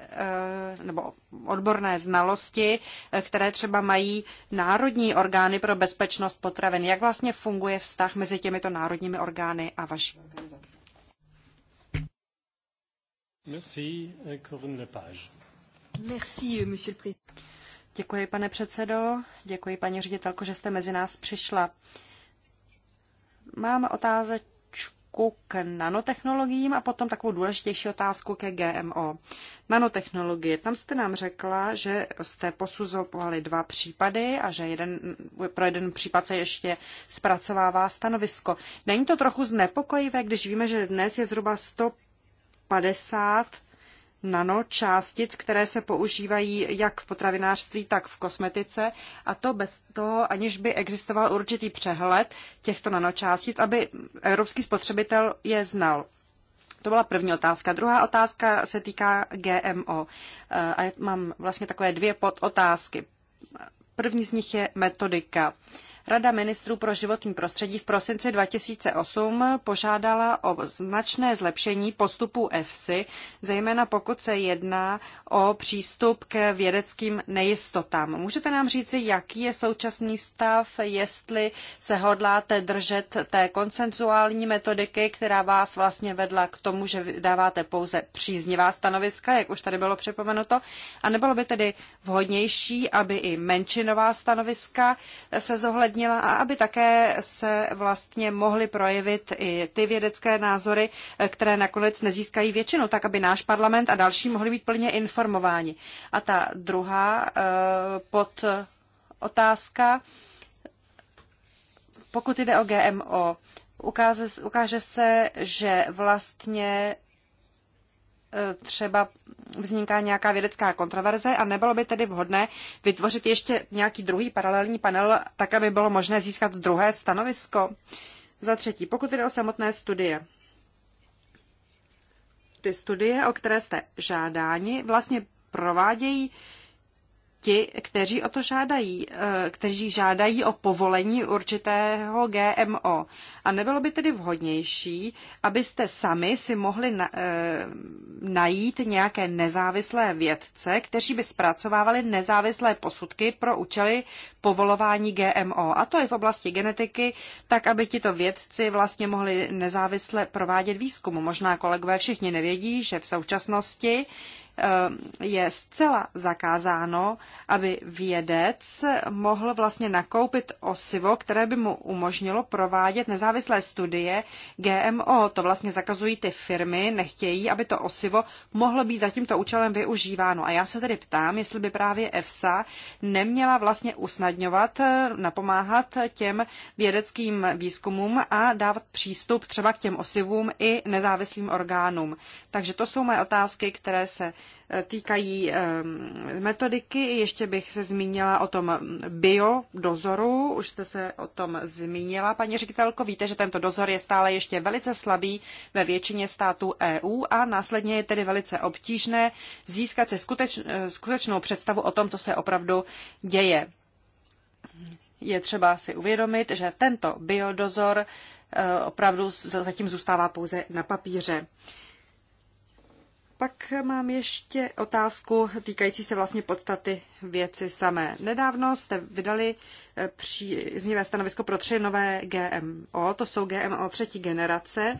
eh, nebo odborné znalosti, eh, které třeba mají národní orgány pro bezpečnost potravin. Jak vlastně funguje vztah mezi těmito národními orgány a vaší organizací? Merci, euh, Corinne Lepage. Merci, euh, monsieur le président. Děkuji, pane předsedo. Děkuji, paní ředitelko, že jste mezi nás přišla. Mám otázečku k nanotechnologiím a potom takovou důležitější otázku ke GMO. Nanotechnologie. Tam jste nám řekla, že jste posuzovali dva případy a že jeden, pro jeden případ se ještě zpracovává stanovisko. Není to trochu znepokojivé, když víme, že dnes je zhruba 100 50 nanočástic, které se používají jak v potravinářství, tak v kosmetice a to bez toho, aniž by existoval určitý přehled těchto nanočástic, aby evropský spotřebitel je znal. To byla první otázka. Druhá otázka se týká GMO. Eh, a mám vlastně takové dvě podotázky. První z nich je metodika. Rada ministrů pro životní prostředí v prosinci 2008 požádala o značné zlepšení postupu EFSI, zejména pokud se jedná o přístup k vědeckým nejistotám. Můžete nám říci, jaký je současný stav, jestli se hodláte držet té konsenzuální metodiky, která vás vlastně vedla k tomu, že dáváte pouze příznivá stanoviska, jak už tady bylo připomenuto, a nebylo by tedy vhodnější, aby i menšinová stanoviska se zohlednila zohlednila a aby také se vlastně mohly projevit i ty vědecké názory, eh, které nakonec nezískají většinu, tak aby náš parlament a další mohli být plně informováni. A ta druhá eh, pod otázka, pokud jde o GMO, ukáže, ukáže se, že vlastně třeba vzniká nějaká vědecká kontroverze a nebylo by tedy vhodné vytvořit ještě nějaký druhý paralelní panel, tak aby bylo možné získat druhé stanovisko. Za třetí, pokud jde o samotné studie. Ty studie, o které jste žádáni, vlastně provádějí uh, ti, kteří o to žádají, eh, kteří žádají o povolení určitého GMO. A nebylo by tedy vhodnější, abyste sami si mohli na, eh, najít nějaké nezávislé vědce, kteří by zpracovávali nezávislé posudky pro účely povolování GMO. A to i v oblasti genetiky, tak aby tito vědci vlastně mohli nezávisle provádět výzkum. Možná kolegové všichni nevědí, že v současnosti Eh, je zcela zakázáno, aby vědec mohl vlastně nakoupit osivo, které by mu umožnilo provádět nezávislé studie GMO. To vlastně zakazují ty firmy, nechtějí, aby to osivo mohlo být za tímto účelem využíváno. A já se tedy ptám, jestli by právě EFSA neměla vlastně usnadňovat, eh, napomáhat těm vědeckým výzkumům a dávat přístup třeba k těm osivům i nezávislým orgánům. Takže to jsou moje otázky, které se týkají ehm, metodiky. Ještě bych se zmínila o tom bio dozoru. Už jste se o tom zmínila, paní ředitelko. Víte, že tento dozor je stále ještě velice slabý ve většině států EU a následně je tedy velice obtížné získat si skuteč, eh, skutečnou představu o tom, co se opravdu děje. Je třeba si uvědomit, že tento biodozor eh, opravdu zatím zůstává pouze na papíře. Pak mám ještě otázku týkající se vlastně podstaty věci samé. Nedávno jste vydali eh, příznivé stanovisko pro tři nové GMO, to jsou GMO třetí generace,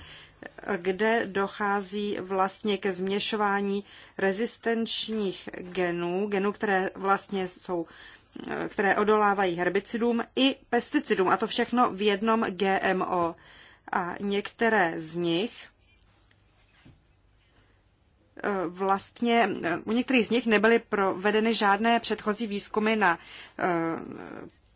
kde dochází vlastně ke změšování rezistenčních genů, genů, které vlastně jsou eh, které odolávají herbicidům i pesticidům, a to všechno v jednom GMO. A některé z nich Eh, vlastně eh, u některých z nich nebyly provedeny žádné předchozí výzkumy na eh,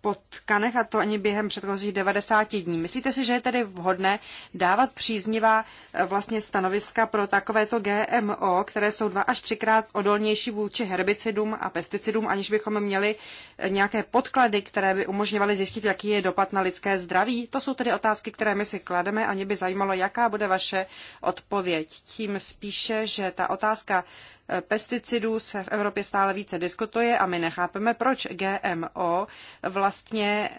potkanech a to ani během předchozích 90 dní. Myslíte si, že je tedy vhodné dávat příznivá eh, vlastně stanoviska pro takovéto GMO, které jsou dva až třikrát odolnější vůči herbicidům a pesticidům, aniž bychom měli eh, nějaké podklady, které by umožňovaly zjistit, jaký je dopad na lidské zdraví? To jsou tedy otázky, které my si klademe a mě by zajímalo, jaká bude vaše odpověď. Tím spíše, že ta otázka pesticidů se v Evropě stále více diskutuje a my nechápeme, proč GMO vlastně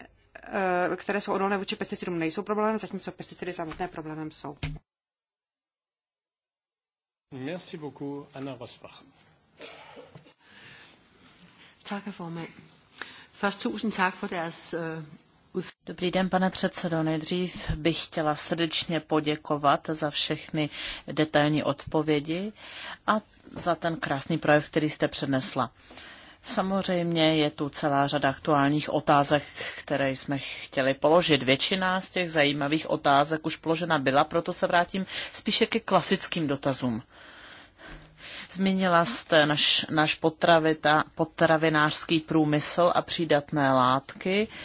eh, které jsou odolné vůči pesticidům, nejsou problémem, zatímco pesticidy samotné problémem jsou. Merci beaucoup, Anna Rosbach. Tak, formand. Først tusind tak for deres øh, Dobrý den, pane předsedo. Nejdřív bych chtěla srdečně poděkovat za všechny detailní odpovědi a za ten krásný projev, který jste přednesla. Samozřejmě je tu celá řada aktuálních otázek, které jsme chtěli položit. Většina z těch zajímavých otázek už položena byla, proto se vrátím spíše ke klasickým dotazům. Zmínila jste náš potravinářský průmysl a přídatné látky. Uh,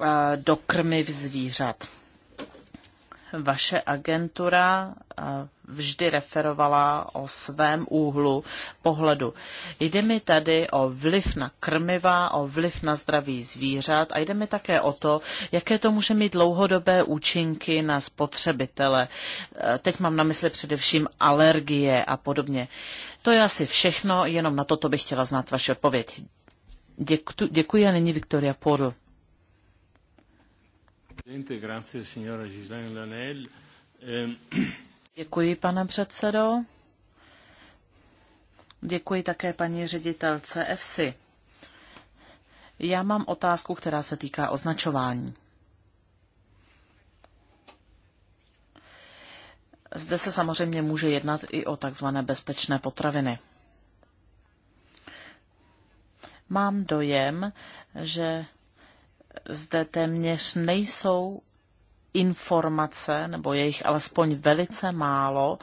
Eh, do krmiv zvířat. Vaše agentura eh, vždy referovala o svém úhlu pohledu. Jde mi tady o vliv na krmiva, o vliv na zdraví zvířat a jde mi také o to, jaké to může mít dlouhodobé účinky na spotřebitele. Eh, teď mám na mysli především alergie a podobně. To je asi všechno, jenom na toto bych chtěla znát vaši odpověď. Děkuji, děkuji a nyní Viktoria Podl. Ehm, Děkuji, pane předsedo. Děkuji také paní ředitelce EFSI. Já mám otázku, která se týká označování. Zde se samozřejmě může jednat i o takzvané bezpečné potraviny. Mám dojem, že zde téměř nejsou informace, nebo je jich alespoň velice málo,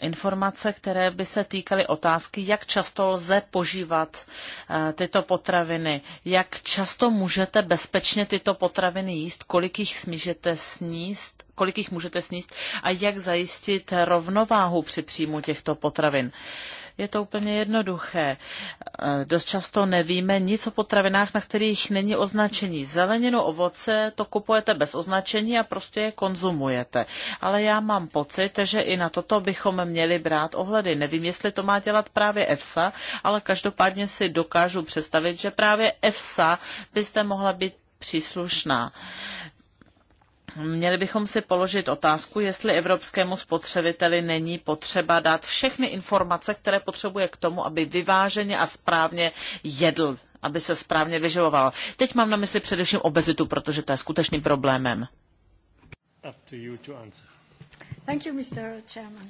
informace, které by se týkaly otázky, jak často lze požívat eh, tyto potraviny, jak často můžete bezpečně tyto potraviny jíst, kolik jich smížete sníst, kolik jich můžete sníst a jak zajistit rovnováhu při příjmu těchto potravin. Uh, je to úplně jednoduché. E, dost často nevíme nic o potravinách, na kterých není označení. Zeleninu, ovoce, to kupujete bez označení a prostě je konzumujete. Ale já mám pocit, že i na toto bychom měli brát ohledy. Nevím, jestli to má dělat právě EFSA, ale každopádně si dokážu představit, že právě EFSA byste mohla být příslušná. Měli bychom si položit otázku, jestli evropskému spotřebiteli není potřeba dát všechny informace, které potřebuje k tomu, aby vyváženě a správně jedl, aby se správně vyživoval. Teď mám na mysli především obezitu, protože to je skutečným problémem. Up to you to Thank you, Mr. Chairman.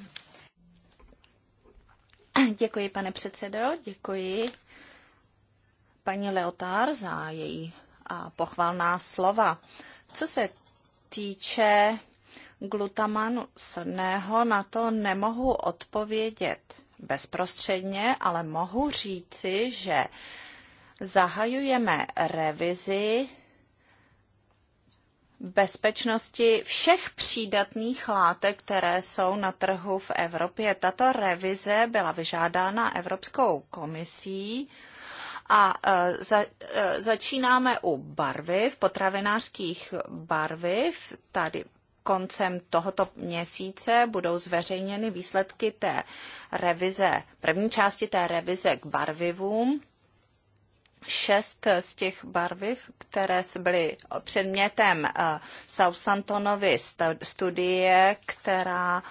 Děkuji, pane předsedo, děkuji paní Leotár za její pochvalná slova. Co se týče glutamanu sodného, na to nemohu odpovědět bezprostředně, ale mohu říci, že zahajujeme revizi bezpečnosti všech přídatných látek, které jsou na trhu v Evropě. Tato revize byla vyžádána Evropskou komisí a e, za, e, začínáme u barviv, potravinářských barviv. Tady koncem tohoto měsíce budou zveřejněny výsledky té revize, první části té revize k barvivům. Šest z těch barviv, které byly předmětem e, Sausantonovy studie, která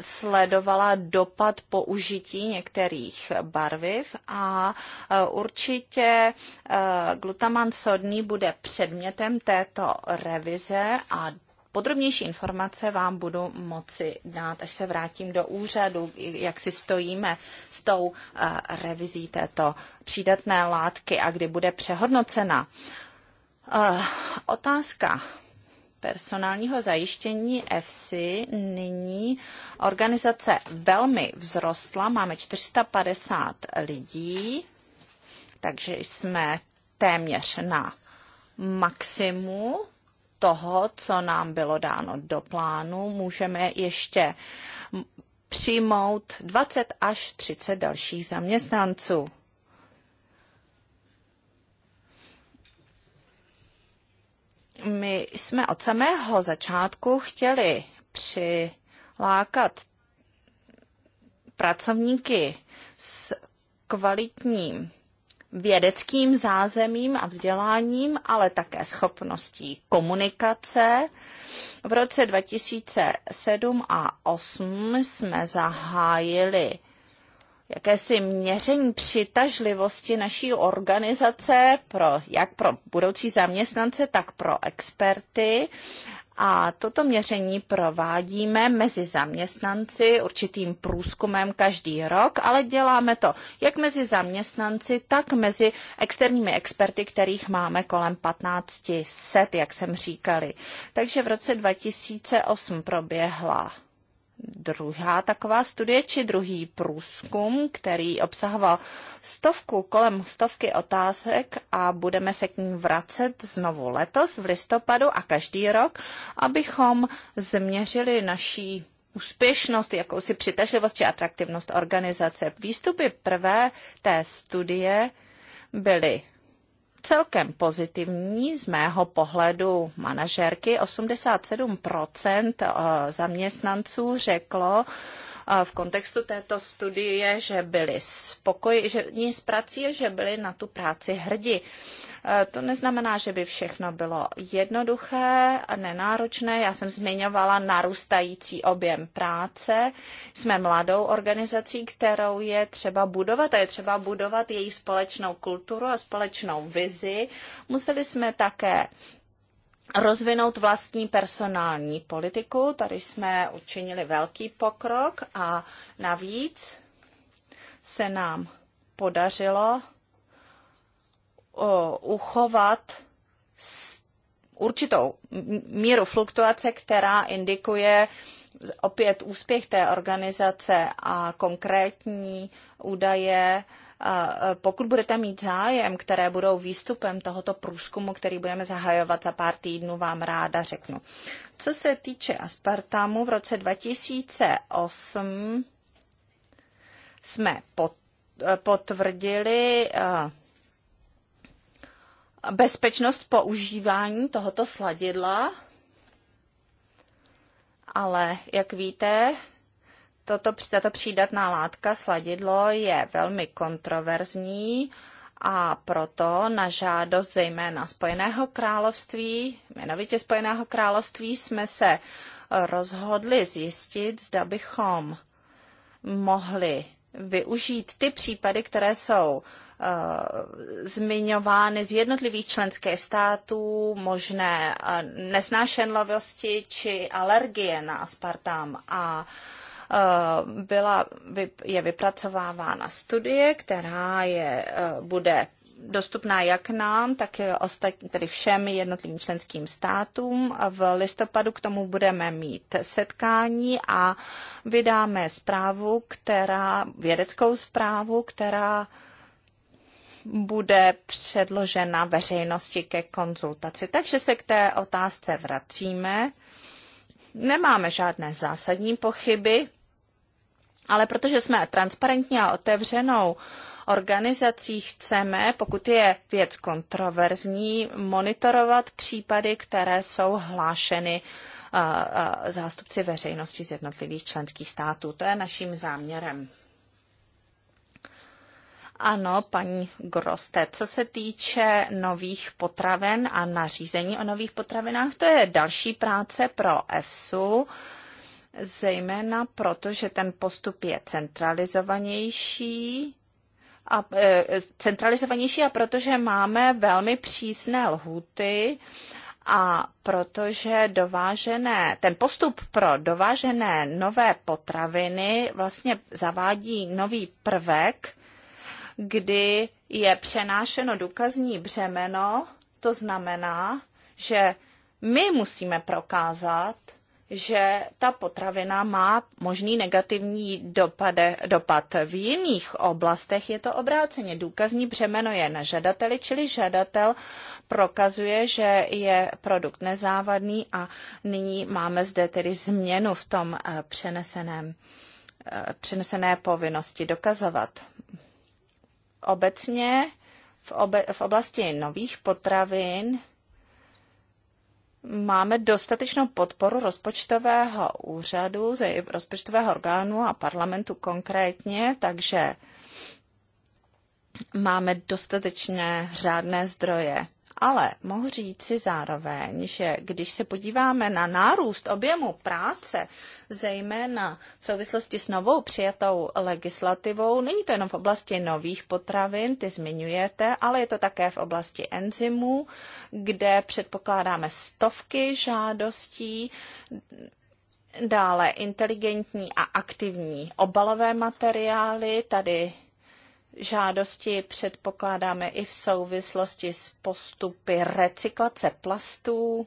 sledovala dopad použití některých barviv a e, určitě e, glutaman sodný bude předmětem této revize a Podrobnější informace vám budu moci dát, až se vrátím do úřadu, jak si stojíme s tou e, revizí této přídatné látky a kdy bude přehodnocena. Otázka personálního zajištění EFSI nyní organizace velmi vzrostla, máme 450 lidí, takže jsme téměř na maximu toho, co nám bylo dáno do plánu. Můžeme ještě přijmout 20 až 30 dalších zaměstnanců. My jsme od samého začátku chtěli přilákat pracovníky s kvalitním vědeckým zázemím a vzděláním, ale také schopností komunikace. V roce 2007 a 2008 jsme zahájili jakési měření přitažlivosti naší organizace pro, jak pro budoucí zaměstnance, tak pro experty. A toto měření provádíme mezi zaměstnanci určitým průzkumem každý rok, ale děláme to jak mezi zaměstnanci, tak mezi externími experty, kterých máme kolem 15 set, jak jsem říkali. Takže v roce 2008 proběhla druhá taková studie či druhý průzkum, který obsahoval stovku kolem stovky otázek a budeme se k ní vracet znovu letos v listopadu a každý rok, abychom změřili naší úspěšnost, jakousi přitažlivost či atraktivnost organizace. Výstupy prvé té studie byly celkem pozitivní z mého pohledu manažerky. 87% eh, zaměstnanců řeklo, v kontextu této studie, že byli spokojeni s prací a že byli na tu práci hrdi. E, to neznamená, že by všechno bylo jednoduché a nenáročné. Já jsem zmiňovala narůstající objem práce. Jsme mladou organizací, kterou je třeba budovat a je třeba budovat její společnou kulturu a společnou vizi. Museli jsme také rozvinout vlastní personální politiku. Tady jsme učinili velký pokrok a navíc se nám podařilo uchovat určitou míru fluktuace, která indikuje opět úspěch té organizace a konkrétní údaje pokud budete mít zájem, které budou výstupem tohoto průzkumu, který budeme zahajovat za pár týdnů, vám ráda řeknu. Co se týče aspartamu, v roce 2008 jsme e, potvrdili e, bezpečnost používání tohoto sladidla, ale jak víte, Toto, tato přídatná látka sladidlo je velmi kontroverzní a proto na žádost zejména Spojeného království, jmenovitě Spojeného království, jsme se rozhodli zjistit, zda bychom mohli využít ty případy, které jsou uh, zmiňovány z jednotlivých členských států možné uh, nesnášenlivosti či alergie na aspartam. A Eh, byla, je vypracovávána studie, která je, eh, bude dostupná jak nám, tak ostat, tedy všem jednotlivým členským státům. V listopadu k tomu budeme mít setkání a vydáme zprávu, která, vědeckou zprávu, která bude předložena veřejnosti ke konzultaci. Takže se k té otázce vracíme Nemáme žádné zásadní pochyby, ale protože jsme transparentní a otevřenou organizací chceme, pokud je věc kontroverzní, monitorovat případy, které jsou hlášeny eh, eh, zástupci veřejnosti z jednotlivých členských států. To je naším záměrem. Ano, paní Groste, co se týče nových potraven a nařízení o nových potravinách, to je další práce pro EFSU zejména proto, že ten postup je centralizovanější a e, centralizovanější a protože máme velmi přísné lhuty a protože dovážené, ten postup pro dovážené nové potraviny vlastně zavádí nový prvek, kdy je přenášeno důkazní břemeno, to znamená, že my musíme prokázat, že ta potravina má možný negativní dopade, dopad. V jiných oblastech je to obráceně. Důkazní břemeno je na žadateli, čili žadatel prokazuje, že je produkt nezávadný a nyní máme zde tedy změnu v tom eh, přeneseném, eh, přenesené povinnosti dokazovat obecně v, obe, v oblasti nových potravin máme dostatečnou podporu rozpočtového úřadu, rozpočtového orgánu a parlamentu konkrétně, takže máme dostatečné řádné zdroje. Ale mohu říct si zároveň, že když se podíváme na nárůst objemu práce, zejména v souvislosti s novou přijatou legislativou, není to jenom v oblasti nových potravin, ty zmiňujete, ale je to také v oblasti enzymů, kde předpokládáme stovky žádostí, dále inteligentní a aktivní obalové materiály. Tady žádosti předpokládáme i v souvislosti s postupy recyklace plastů,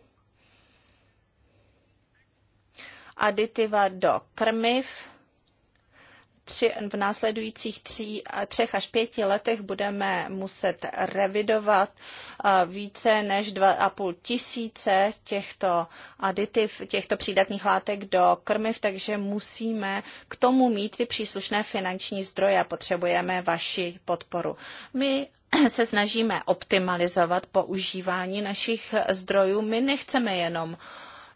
aditiva do krmiv, tři, v následujících tří, eh, třech až pěti letech budeme muset revidovat eh, více než 2,5 tisíce těchto aditiv, těchto přídatných látek do krmiv, takže musíme k tomu mít ty příslušné finanční zdroje a potřebujeme vaši podporu. My se snažíme optimalizovat používání našich zdrojů. My nechceme jenom uh,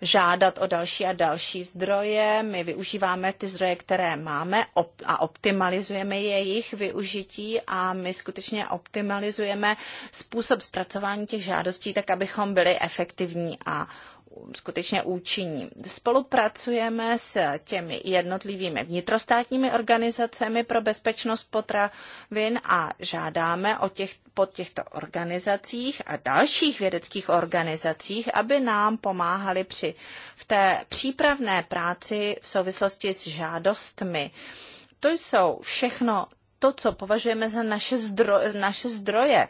žádat o další a další zdroje. My využíváme ty zdroje, které máme a optimalizujeme jejich využití a my skutečně optimalizujeme způsob zpracování těch žádostí tak, abychom byli efektivní a skutečně účinní. Spolupracujeme s těmi jednotlivými vnitrostátními organizacemi pro bezpečnost potravin a žádáme o těch, pod těchto organizacích a dalších vědeckých organizacích, aby nám pomáhali při, v té přípravné práci v souvislosti s žádostmi. To jsou všechno to, co považujeme za naše, zdro, naše zdroje.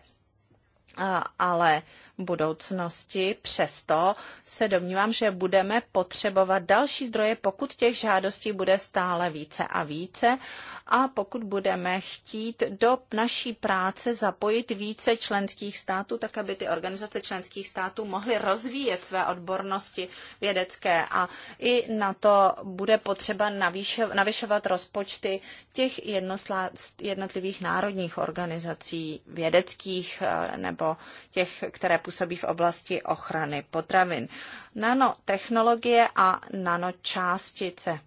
A, ale budoucnosti. Přesto se domnívám, že budeme potřebovat další zdroje, pokud těch žádostí bude stále více a více a pokud budeme chtít do naší práce zapojit více členských států, tak aby ty organizace členských států mohly rozvíjet své odbornosti vědecké a i na to bude potřeba navyšovat rozpočty těch jednotlivých národních organizací vědeckých eh, nebo těch, které působí působí v oblasti ochrany potravin. Nanotechnologie a nanočástice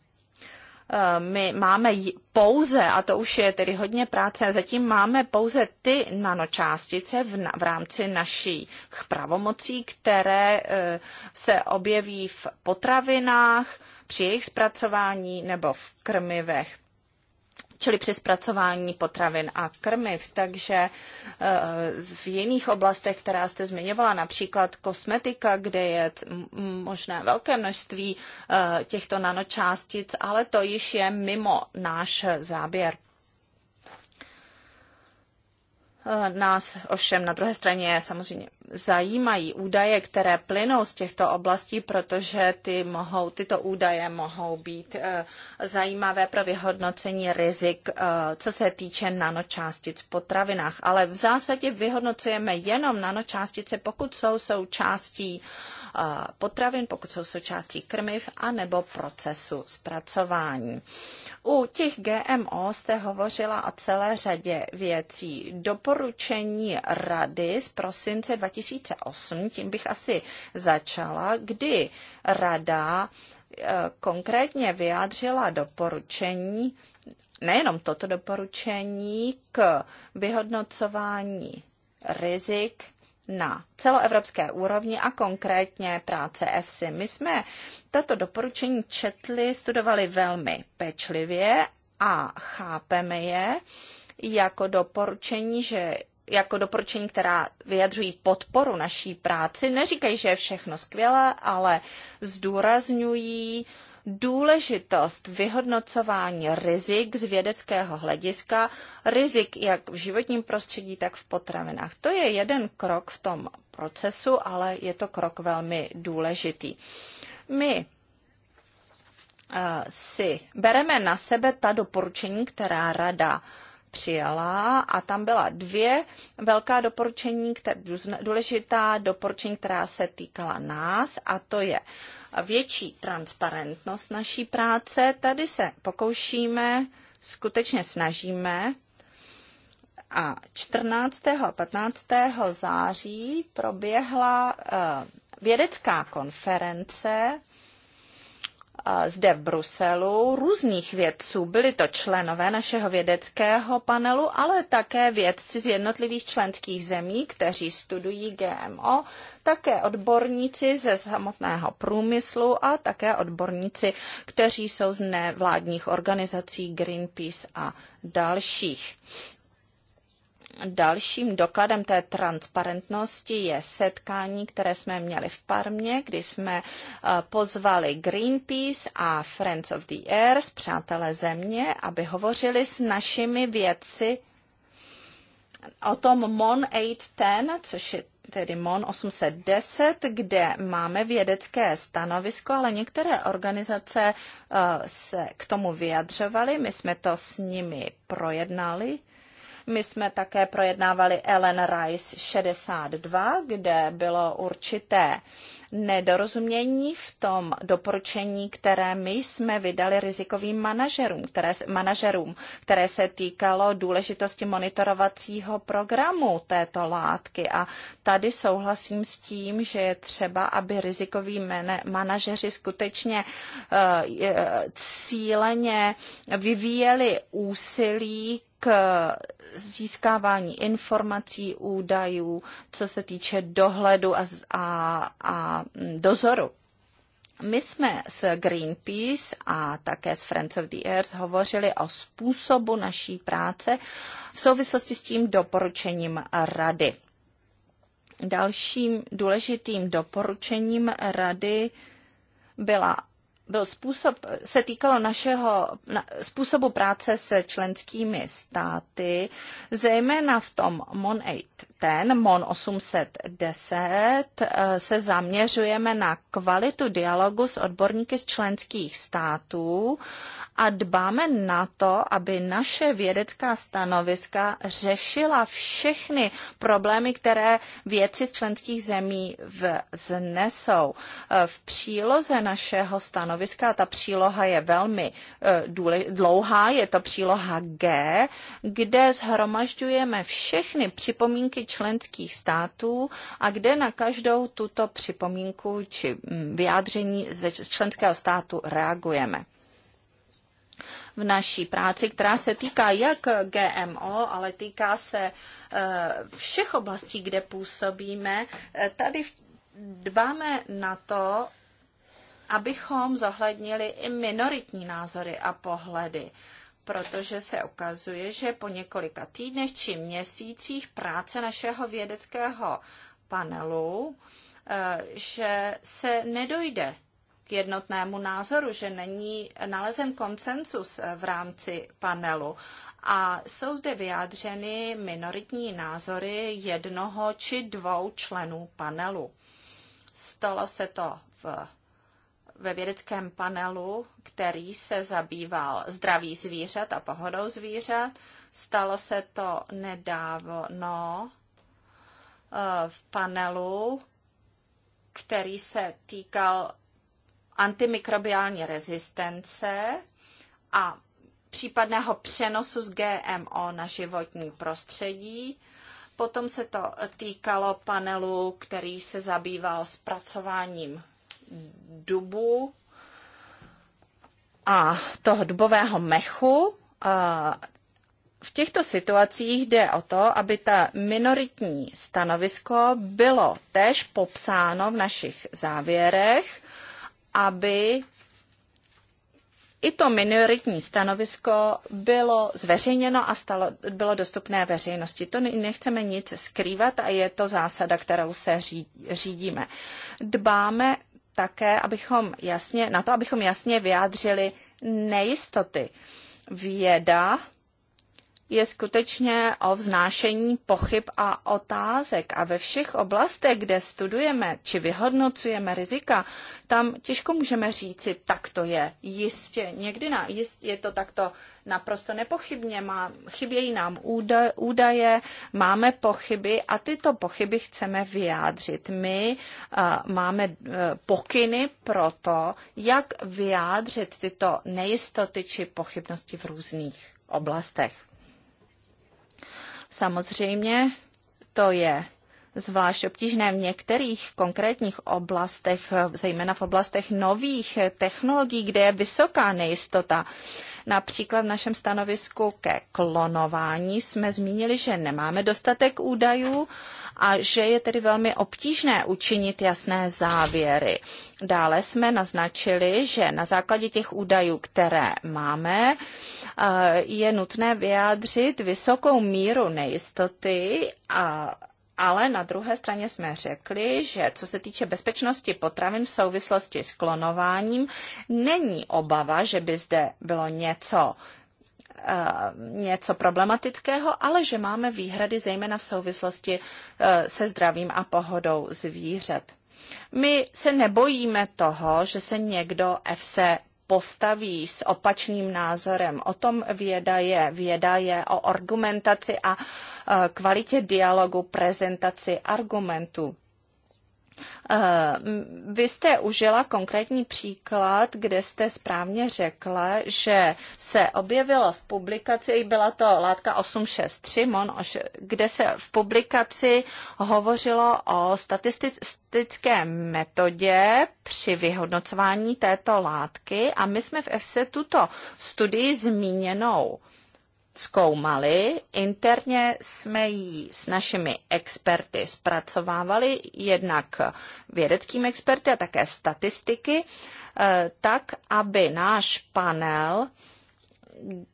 eh, my máme pouze, a to už je tedy hodně práce, zatím máme pouze ty nanočástice v, v rámci našich pravomocí, které eh, se objeví v potravinách, při jejich zpracování nebo v krmivech čili při zpracování potravin a krmiv. Takže eh, v jiných oblastech, která jste zmiňovala, například kosmetika, kde je možné velké množství eh, těchto nanočástic, ale to již je mimo náš záběr. Eh, nás ovšem na druhé straně samozřejmě zajímají údaje, které plynou z těchto oblastí, protože ty mohou, tyto údaje mohou být eh, zajímavé pro vyhodnocení rizik, eh, co se týče nanočástic v potravinách. Ale v zásadě vyhodnocujeme jenom nanočástice, pokud jsou součástí potravin, pokud jsou součástí krmiv a nebo procesu zpracování. U těch GMO jste hovořila o celé řadě věcí. Doporu doporučení rady z prosince 2008, tím bych asi začala, kdy rada eh, konkrétně vyjádřila doporučení, nejenom toto doporučení k vyhodnocování rizik na celoevropské úrovni a konkrétně práce EFSI. My jsme toto doporučení četli, studovali velmi pečlivě a chápeme je jako doporučení, že jako doporučení, která vyjadřují podporu naší práci. Neříkají, že je všechno skvělé, ale zdůrazňují důležitost vyhodnocování rizik z vědeckého hlediska, rizik jak v životním prostředí, tak v potravinách. To je jeden krok v tom procesu, ale je to krok velmi důležitý. My eh, si bereme na sebe ta doporučení, která rada uh, přijala a tam byla dvě velká doporučení, které, důležitá doporučení, která se týkala nás a to je větší transparentnost naší práce. Tady se pokoušíme, skutečně snažíme a 14. a 15. září proběhla eh, vědecká konference zde v Bruselu různých vědců. Byli to členové našeho vědeckého panelu, ale také vědci z jednotlivých členských zemí, kteří studují GMO, také odborníci ze samotného průmyslu a také odborníci, kteří jsou z nevládních organizací Greenpeace a dalších. Dalším dokladem té transparentnosti je setkání, které jsme měli v Parmě, kdy jsme eh, pozvali Greenpeace a Friends of the Earth, přátelé země, aby hovořili s našimi vědci o tom MON 810, což je tedy MON 810, kde máme vědecké stanovisko, ale některé organizace eh, se k tomu vyjadřovaly. My jsme to s nimi projednali my jsme také projednávali Ellen Rice 62, kde bylo určité nedorozumění v tom doporučení, které my jsme vydali rizikovým manažerům, které, manažerům, které se týkalo důležitosti monitorovacího programu této látky. A tady souhlasím s tím, že je třeba, aby rizikoví manažeři skutečně eh, cíleně vyvíjeli úsilí k získávání informací, údajů, co se týče dohledu a, a, a dozoru. My jsme s Greenpeace a také s Friends of the Earth hovořili o způsobu naší práce v souvislosti s tím doporučením rady. Dalším důležitým doporučením rady byla byl způsob, se týkalo našeho způsobu práce se členskými státy, zejména v tom MON 8 ten MON 810 eh, se zaměřujeme na kvalitu dialogu s odborníky z členských států a dbáme na to, aby naše vědecká stanoviska řešila všechny problémy, které vědci z členských zemí vznesou. Eh, v příloze našeho stanoviska, ta příloha je velmi eh, dlouhá, je to příloha G, kde zhromažďujeme všechny připomínky členských států a kde na každou tuto připomínku či mm, vyjádření ze členského státu reagujeme v naší práci, která se týká jak GMO, ale týká se e, všech oblastí, kde působíme. E, tady dbáme na to, abychom zohlednili i minoritní názory a pohledy protože se ukazuje, že po několika týdnech či měsících práce našeho vědeckého panelu, eh, že se nedojde k jednotnému názoru, že není nalezen konsenzus eh, v rámci panelu. A jsou zde vyjádřeny minoritní názory jednoho či dvou členů panelu. Stalo se to v ve vědeckém panelu, který se zabýval zdraví zvířat a pohodou zvířat. Stalo se to nedávno eh, v panelu, který se týkal antimikrobiální rezistence a případného přenosu z GMO na životní prostředí. Potom se to týkalo panelu, který se zabýval zpracováním dubu a toho dubového mechu. A v těchto situacích jde o to, aby ta minoritní stanovisko bylo též popsáno v našich závěrech, aby i to minoritní stanovisko bylo zveřejněno a stalo, bylo dostupné veřejnosti. To nechceme nic skrývat a je to zásada, kterou se řídíme. Dbáme také, abychom jasně, na to, abychom jasně vyjádřili nejistoty. Věda je skutečně o vznášení pochyb a otázek. A ve všech oblastech, kde studujeme či vyhodnocujeme rizika, tam těžko můžeme říci, tak to je. Jistě, někdy na, jist, je to takto naprosto nepochybně. Má, chybějí nám údaje, máme pochyby a tyto pochyby chceme vyjádřit. My eh, máme eh, pokyny pro to, jak vyjádřit tyto nejistoty či pochybnosti v různých oblastech. Samozřejmě to je zvlášť obtížné v některých konkrétních oblastech, zejména v oblastech nových technologií, kde je vysoká nejistota. Například v našem stanovisku ke klonování jsme zmínili, že nemáme dostatek údajů a že je tedy velmi obtížné učinit jasné závěry. Dále jsme naznačili, že na základě těch údajů, které máme, eh, je nutné vyjádřit vysokou míru nejistoty a ale na druhé straně jsme řekli, že co se týče bezpečnosti potravin v souvislosti s klonováním, není obava, že by zde bylo něco eh, něco problematického, ale že máme výhrady zejména v souvislosti eh, se zdravím a pohodou zvířat. My se nebojíme toho, že se někdo FC postaví s opačným názorem. O tom věda je. Věda je o argumentaci a e, kvalitě dialogu, prezentaci argumentů. Eh, vy jste užila konkrétní příklad, kde jste správně řekla, že se objevilo v publikaci, byla to látka 863, mon, kde se v publikaci hovořilo o statistické metodě při vyhodnocování této látky a my jsme v EFSE tuto studii zmíněnou zkoumali. Interně jsme ji s našimi experty zpracovávali, jednak vědeckými experty a také statistiky, eh, tak, aby náš panel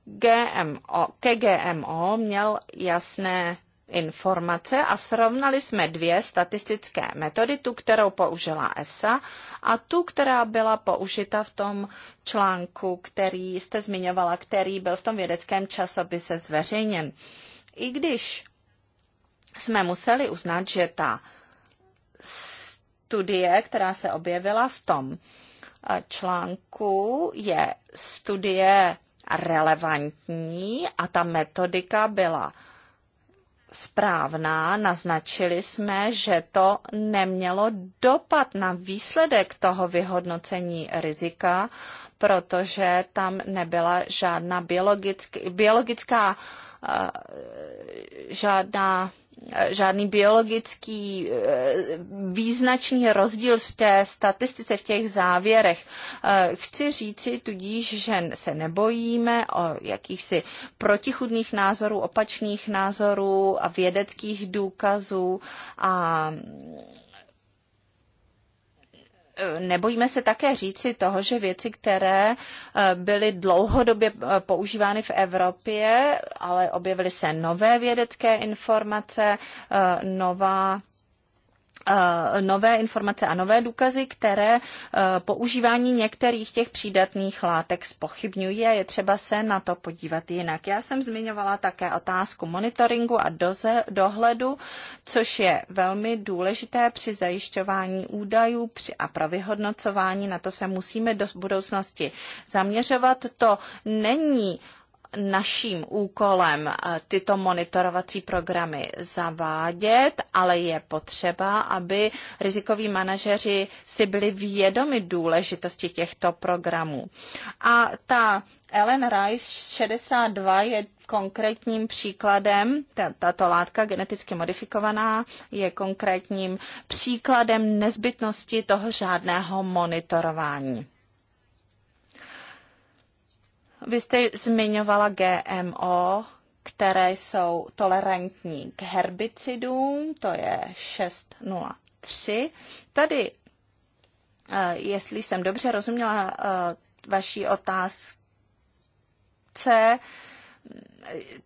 GMO, ke GMO měl jasné informace a srovnali jsme dvě statistické metody, tu, kterou použila EFSA a tu, která byla použita v tom článku, který jste zmiňovala, který byl v tom vědeckém časopise zveřejněn. I když jsme museli uznat, že ta studie, která se objevila v tom eh, článku, je studie relevantní a ta metodika byla správná, naznačili jsme, že to nemělo dopad na výsledek toho vyhodnocení rizika, protože tam nebyla žádná biologická, biologická eh, žádná žádný biologický eh, význačný rozdíl v té statistice, v těch závěrech. Eh, chci říci tudíž, že se nebojíme o jakýchsi protichudných názorů, opačných názorů a vědeckých důkazů a nebojíme se také říci toho, že věci, které eh, byly dlouhodobě eh, používány v Evropě, ale objevily se nové vědecké informace, eh, nová Eh, nové informace a nové důkazy, které eh, používání některých těch přídatných látek a Je třeba se na to podívat jinak. Já jsem zmiňovala také otázku monitoringu a doze, dohledu, což je velmi důležité při zajišťování údajů a pro vyhodnocování. Na to se musíme do budoucnosti zaměřovat. To není naším úkolem eh, tyto monitorovací programy zavádět, ale je potřeba, aby rizikoví manažeři si byli vědomi důležitosti těchto programů. A ta Ellen Rice 62 je konkrétním příkladem, tato látka geneticky modifikovaná je konkrétním příkladem nezbytnosti toho řádného monitorování. Vy jste zmiňovala GMO, které jsou tolerantní k herbicidům, to je 603. Tady, eh, jestli jsem dobře rozuměla eh, vaší otázce,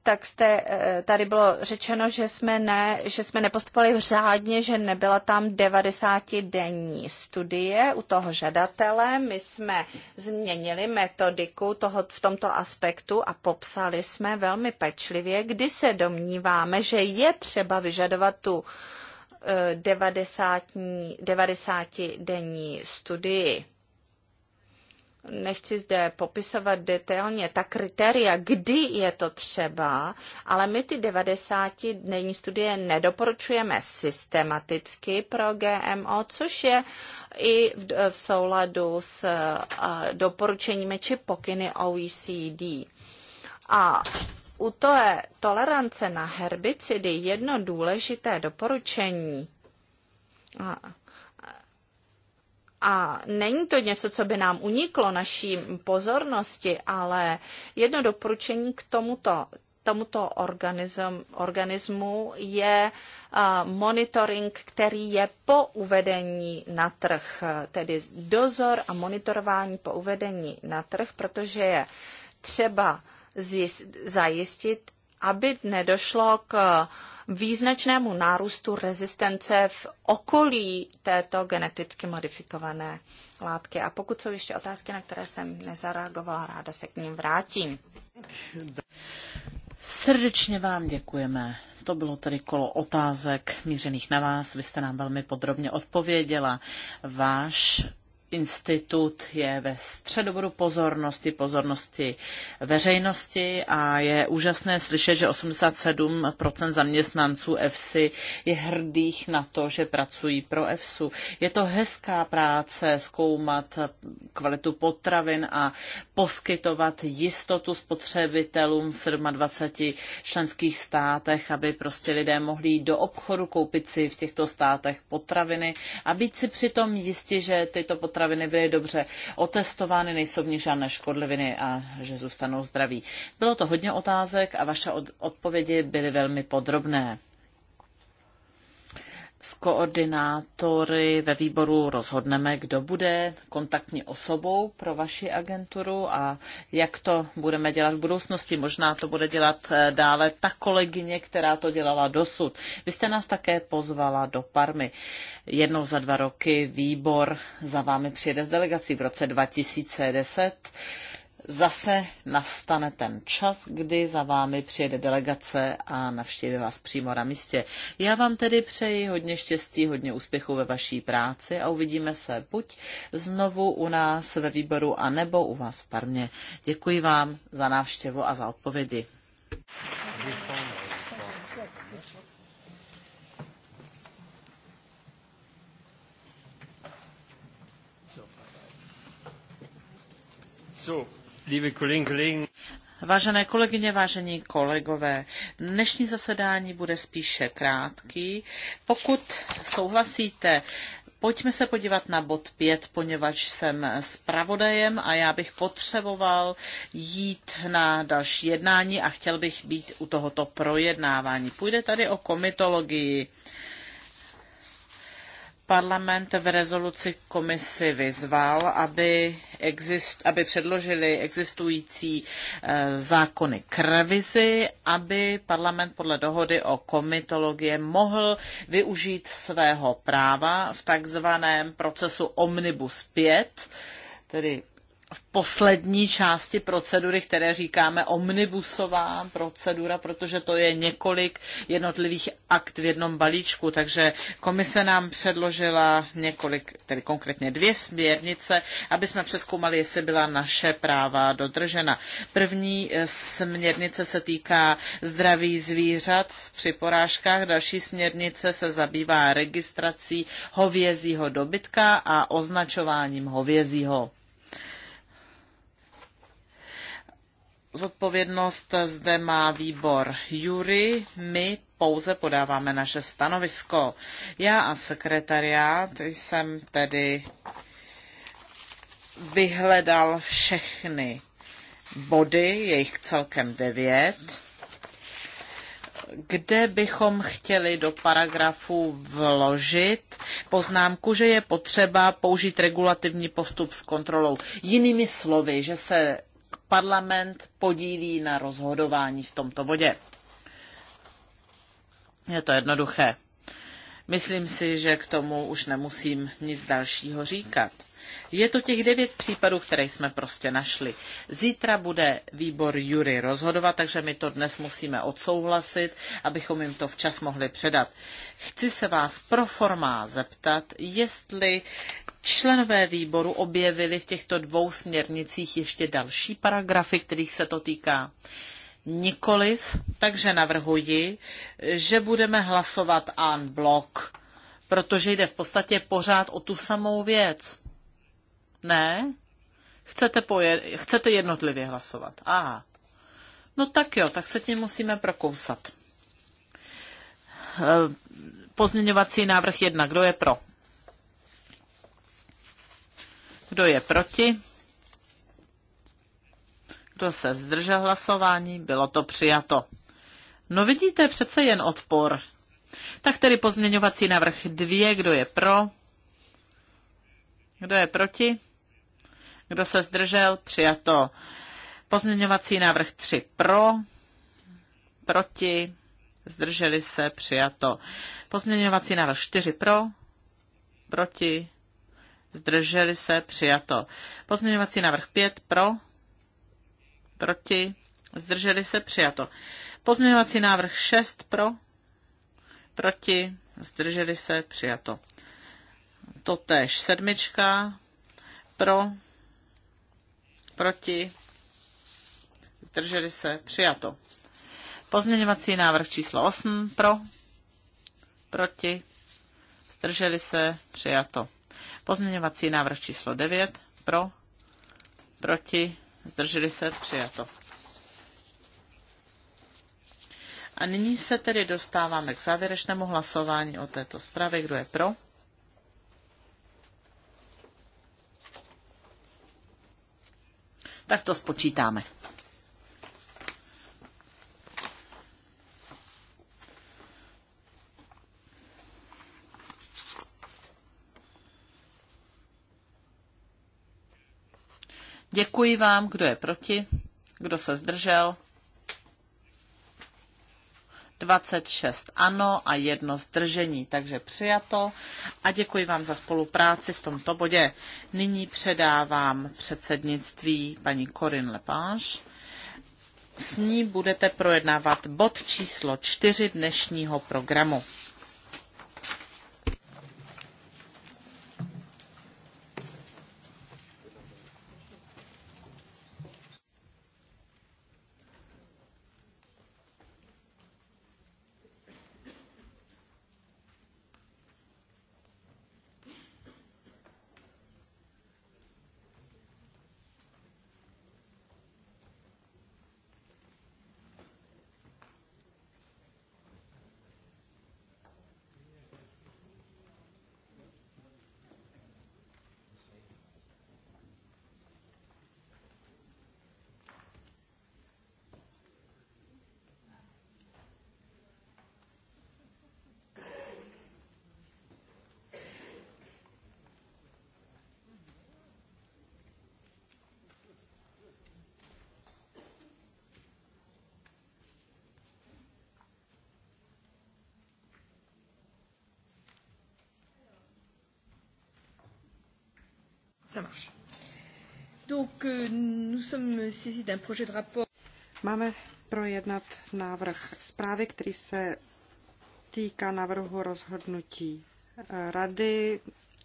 tak jste, eh, tady bylo řečeno, že jsme, ne, že jsme nepostupovali řádně, že nebyla tam 90-denní studie u toho žadatele. My jsme změnili metodiku toho, v tomto aspektu a popsali jsme velmi pečlivě, kdy se domníváme, že je třeba vyžadovat tu 90-denní eh, 90 studii nechci zde popisovat detailně ta kritéria, kdy je to třeba, ale my ty 90 dnejní studie nedoporučujeme systematicky pro GMO, což je i v souladu s doporučeními či pokyny OECD. A u je tolerance na herbicidy jedno důležité doporučení, a a není to něco, co by nám uniklo naší pozornosti, ale jedno doporučení k tomuto tomuto organism, organismu je eh, monitoring, který je po uvedení na trh, tedy dozor a monitorování po uvedení na trh, protože je třeba zjist, zajistit, aby nedošlo k význačnému nárůstu rezistence v okolí této geneticky modifikované látky. A pokud jsou ještě otázky, na které jsem nezareagovala, ráda se k ním vrátím. Srdečně vám děkujeme. To bylo tedy kolo otázek mířených na vás. Vy jste nám velmi podrobně odpověděla. Váš institut je ve středobodu pozornosti, pozornosti veřejnosti a je úžasné slyšet, že 87% zaměstnanců EFSI je hrdých na to, že pracují pro EFSU. Je to hezká práce zkoumat kvalitu potravin a poskytovat jistotu spotřebitelům v 27 členských státech, aby prostě lidé mohli jít do obchodu, koupit si v těchto státech potraviny a být si přitom jistí, že tyto potraviny potraviny byly dobře otestovány, nejsou v nich žádné škodliviny a že zůstanou zdraví. Bylo to hodně otázek a vaše odpovědi byly velmi podrobné. S koordinátory ve výboru rozhodneme, kdo bude kontaktní osobou pro vaši agenturu a jak to budeme dělat v budoucnosti. Možná to bude dělat eh, dále ta kolegyně, která to dělala dosud. Vy jste nás také pozvala do Parmy. Jednou za dva roky výbor za vámi přijede z delegací v roce 2010 zase nastane ten čas, kdy za vámi přijede delegace a navštíví vás přímo na místě. Já vám tedy přeji hodně štěstí, hodně úspěchu ve vaší práci a uvidíme se buď znovu u nás ve výboru, anebo u vás v Parmě. Děkuji vám za návštěvu a za odpovědi. So. Vážené kolegyně, vážení kolegové, dnešní zasedání bude spíše krátký. Pokud souhlasíte, pojďme se podívat na bod 5, poněvadž jsem zpravodajem a já bych potřeboval jít na další jednání a chtěl bych být u tohoto projednávání. Půjde tady o komitologii. Uh, Parlament v rezoluci komisi vyzval, aby, exist, aby předložili existující eh, zákony k revizi, aby parlament podle dohody o komitologie mohl využít svého práva v takzvaném procesu Omnibus 5, tedy v poslední části procedury, které říkáme omnibusová procedura, protože to je několik jednotlivých akt v jednom balíčku. Takže komise nám předložila několik, tedy konkrétně dvě směrnice, aby jsme přeskoumali, jestli byla naše práva dodržena. První eh, směrnice se týká zdraví zvířat při porážkách, další směrnice se zabývá registrací hovězího dobytka a označováním hovězího Zodpovědnost zde má výbor Jury, my pouze podáváme naše stanovisko. Já a sekretariát jsem tedy vyhledal všechny body, je jich celkem devět, kde bychom chtěli do paragrafu vložit poznámku, že je potřeba použít regulativní postup s kontrolou. Jinými slovy, že se parlament podílí na rozhodování v tomto bodě. Je to jednoduché. Myslím si, že k tomu už nemusím nic dalšího říkat. Je to těch devět případů, které jsme prostě našli. Zítra bude výbor Jury rozhodovat, takže my to dnes musíme odsouhlasit, abychom jim to včas mohli předat. Chci se vás pro formá zeptat, jestli členové výboru objevili v těchto dvou směrnicích ještě další paragrafy, kterých se to týká. Nikoliv, takže navrhuji, že budeme hlasovat en blok, protože jde v podstatě pořád o tu samou věc. Ne? Chcete, poje, chcete jednotlivě hlasovat. Aha. No tak jo, tak se tím musíme prokousat. Ehm, pozměňovací návrh jedna. Kdo je pro? Kdo je proti? Kdo se zdržel hlasování? Bylo to přijato. No vidíte, přece jen odpor. Tak tedy pozměňovací návrh dvě, kdo je pro? Kdo je proti? Kdo se zdržel? Přijato. Pozměňovací návrh tři. pro, proti, zdrželi se, přijato. Pozměňovací návrh 4 pro, proti, zdrželi se, přijato. Pozměňovací návrh 5 pro, proti, zdrželi se, přijato. Pozměňovací návrh 6 pro, proti, zdrželi se, přijato. Totéž sedmička pro, proti, zdrželi se, přijato. Pozměňovací návrh číslo 8 pro, proti, zdrželi se, přijato. Pozměňovací návrh číslo 9 pro, proti, zdrželi se, přijato. A nyní se tedy dostáváme k závěrečnému hlasování o této zprávě. Kdo je pro? Tak to spočítáme. Děkuji vám, kdo je proti, kdo se zdržel. 26 ano a jedno zdržení, takže přijato. A děkuji vám za spolupráci v tomto bodě. Nyní předávám předsednictví paní Corinne Lepage. S ní budete projednávat bod číslo 4 dnešního programu. Ça marche. Donc, euh, nous sommes saisis d'un projet de rapport. Máme projednat návrh zprávy, který se týká návrhu rozhodnutí eh, Rady,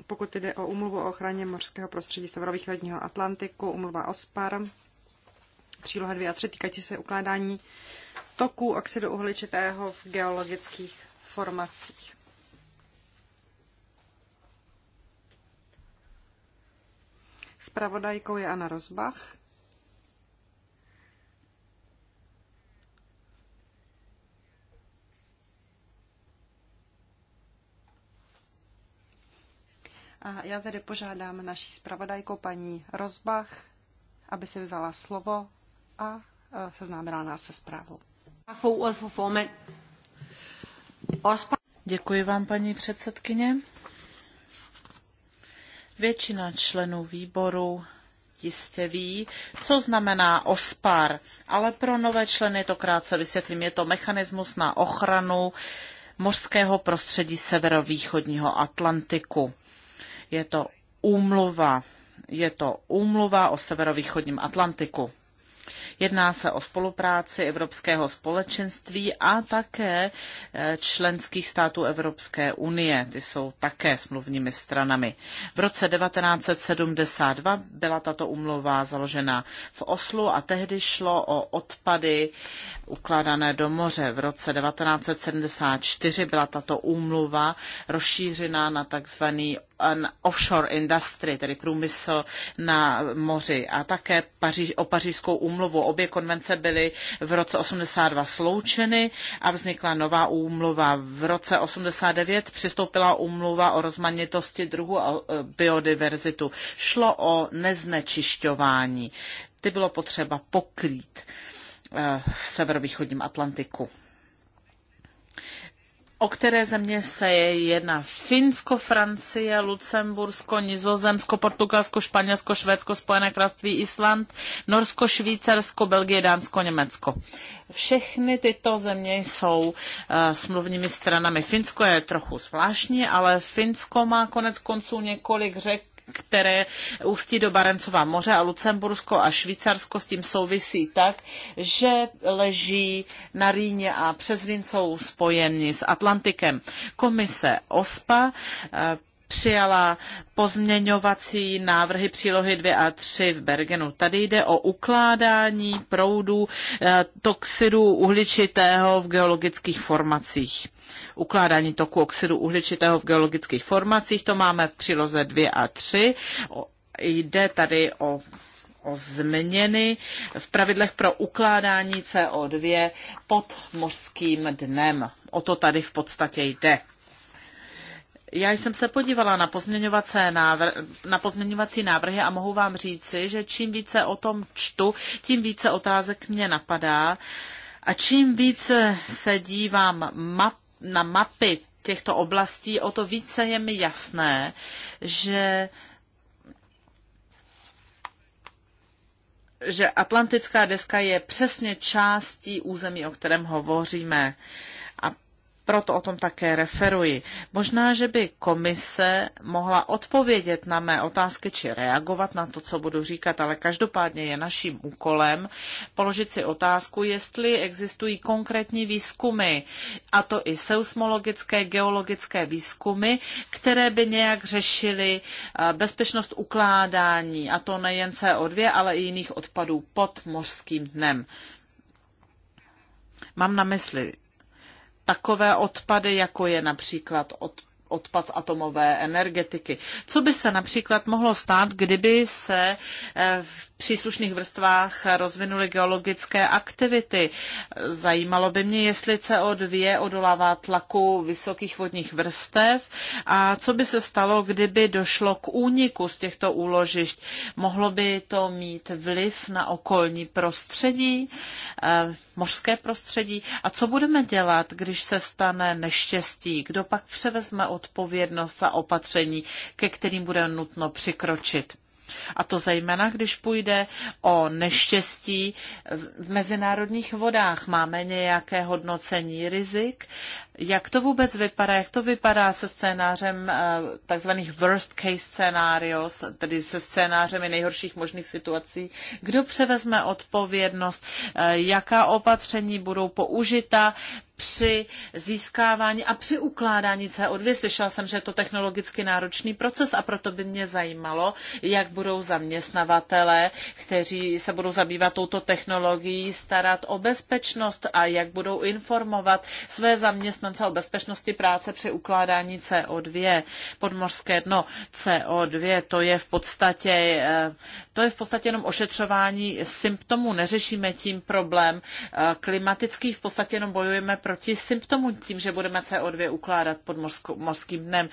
pokud jde o umluvu o ochraně mořského prostředí severovýchodního Atlantiku, umluva OSPAR, příloha 2 a 3 týkající se ukládání toků oxidu uhličitého v geologických formacích. Spravodajkou je Anna Rozbach. A já tedy požádám naší zpravodajku paní Rozbach, aby si vzala slovo a e, seznámila nás se zprávou. Děkuji vám, paní předsedkyně. Většina členů výboru jistě ví, co znamená OSPAR, ale pro nové členy to krátce vysvětlím. Je to mechanismus na ochranu mořského prostředí severovýchodního Atlantiku. Je to úmluva. Je to úmluva o severovýchodním Atlantiku. Jedná se o spolupráci Evropského společenství a také eh, členských států Evropské unie. Ty jsou také smluvními stranami. V roce 1972 byla tato umluva založena v Oslu a tehdy šlo o odpady ukládané do moře. V roce 1974 byla tato úmluva rozšířena na takzvaný offshore industry, tedy průmysl na moři a také Paříž, o pařížskou úmluvu. Obě konvence byly v roce 82 sloučeny a vznikla nová úmluva. V roce 89 přistoupila úmluva o rozmanitosti druhu a e, biodiverzitu. Šlo o neznečišťování. Ty bylo potřeba pokrýt e, v severovýchodním Atlantiku o které země se je jedná. Finsko, Francie, Lucembursko, Nizozemsko, Portugalsko, Španělsko, Švédsko, Spojené království, Island, Norsko, Švýcarsko, Belgie, Dánsko, Německo. Všechny tyto země jsou uh, smluvními stranami. Finsko je trochu zvláštní, ale Finsko má konec konců několik řek, které ústí do Barencova moře a Lucembursko a Švýcarsko s tím souvisí tak, že leží na Rýně a přes Rýn jsou spojeni s Atlantikem. Komise OSPA eh, přijala pozměňovací návrhy přílohy 2 a 3 v Bergenu. Tady jde o ukládání proudů eh, toxidu uhličitého v geologických formacích. Ukládání toku oxidu uhličitého v geologických formacích, to máme v příloze 2 a 3. Jde tady o o změny v pravidlech pro ukládání CO2 pod mořským dnem. O to tady v podstatě jde. Já jsem se podívala na, návr- na pozměňovací návrhy a mohu vám říci, že čím více o tom čtu, tím více otázek mě napadá. A čím více se dívám map- na mapy těchto oblastí, o to více je mi jasné, že že atlantická deska je přesně částí území, o kterém hovoříme. Uh, proto o tom také referuji. Možná, že by komise mohla odpovědět na mé otázky či reagovat na to, co budu říkat, ale každopádně je naším úkolem položit si otázku, jestli existují konkrétní výzkumy, a to i seismologické, geologické výzkumy, které by nějak řešily eh, bezpečnost ukládání, a to nejen CO2, ale i jiných odpadů pod mořským dnem. Mám na mysli takové odpady, jako je například odpad odpad z atomové energetiky. Co by se například mohlo stát, kdyby se eh, v příslušných vrstvách rozvinuli geologické aktivity. Zajímalo by mě, jestli CO2 odolává tlaku vysokých vodních vrstev a co by se stalo, kdyby došlo k úniku z těchto úložišť. Mohlo by to mít vliv na okolní prostředí, eh, mořské prostředí a co budeme dělat, když se stane neštěstí? Kdo pak převezme odpovědnost za opatření, ke kterým bude nutno přikročit? A to zejména, když půjde o neštěstí v mezinárodních vodách. Máme nějaké hodnocení rizik? Jak to vůbec vypadá? Jak to vypadá se scénářem eh, takzvaných worst case scenarios, tedy se scénářemi nejhorších možných situací? Kdo převezme odpovědnost? Eh, jaká opatření budou použita? při získávání a při ukládání CO2. Slyšela jsem, že je to technologicky náročný proces a proto by mě zajímalo, jak budou zaměstnavatele, kteří se budou zabývat touto technologií, starat o bezpečnost a jak budou informovat své zaměstnance o bezpečnosti práce při ukládání CO2. Podmořské dno CO2, to je v podstatě, eh, to je v podstatě jenom ošetřování symptomů. Neřešíme tím problém eh, klimatický v podstatě jenom bojujeme pro proti symptomům tím, že budeme CO2 ukládat pod mořským dnem.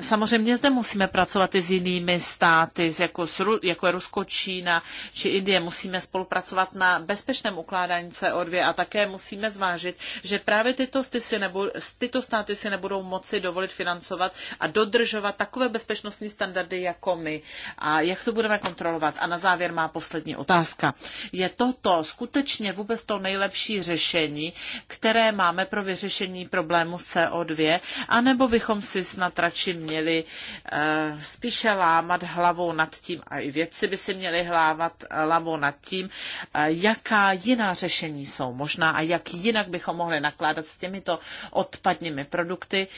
Samozřejmě zde musíme pracovat i s jinými státy, jako, jako je Rusko, Čína či Indie. Musíme spolupracovat na bezpečném ukládání CO2 a také musíme zvážit, že právě tyto, ty si nebudou, tyto státy si nebudou moci dovolit financovat a dodržovat takové bezpečnostní standardy jako my. A jak to budeme kontrolovat? A na závěr má poslední otázka. Je toto skutečně vůbec to nejlepší řešení, které které máme pro vyřešení problému CO2, anebo bychom si snad radši měli uh, spíše lámat hlavou nad tím, a i vědci by si měli hlávat eh, hlavou nad tím, uh, jaká jiná řešení jsou možná a jak jinak bychom mohli nakládat s těmito odpadními produkty,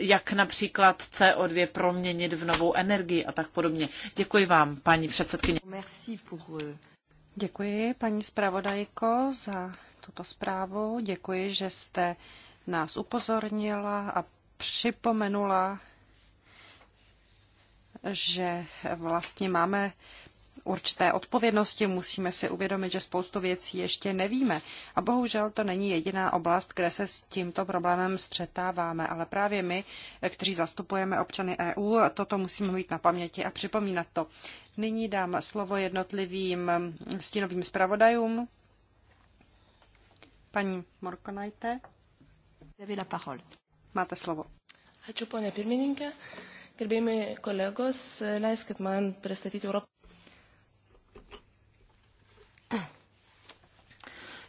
jak například CO2 proměnit v novou energii a tak podobně. Děkuji vám, paní předsedkyně. Děkuji, paní zpravodajko, za tuto zprávu. Děkuji, že jste nás upozornila a připomenula, že vlastně máme určité odpovědnosti, musíme si uvědomit, že spoustu věcí ještě nevíme. A bohužel to není jediná oblast, kde se s tímto problémem střetáváme, ale právě my, kteří zastupujeme občany EU, toto musíme mít na paměti a připomínat to. Nyní dám slovo jednotlivým stínovým zpravodajům. Paní Morkonajte. Máte slovo. Ačiū, pirmininke, pirmininkė. Gerbėjami kolegos, leiskit man pristatyti Europą.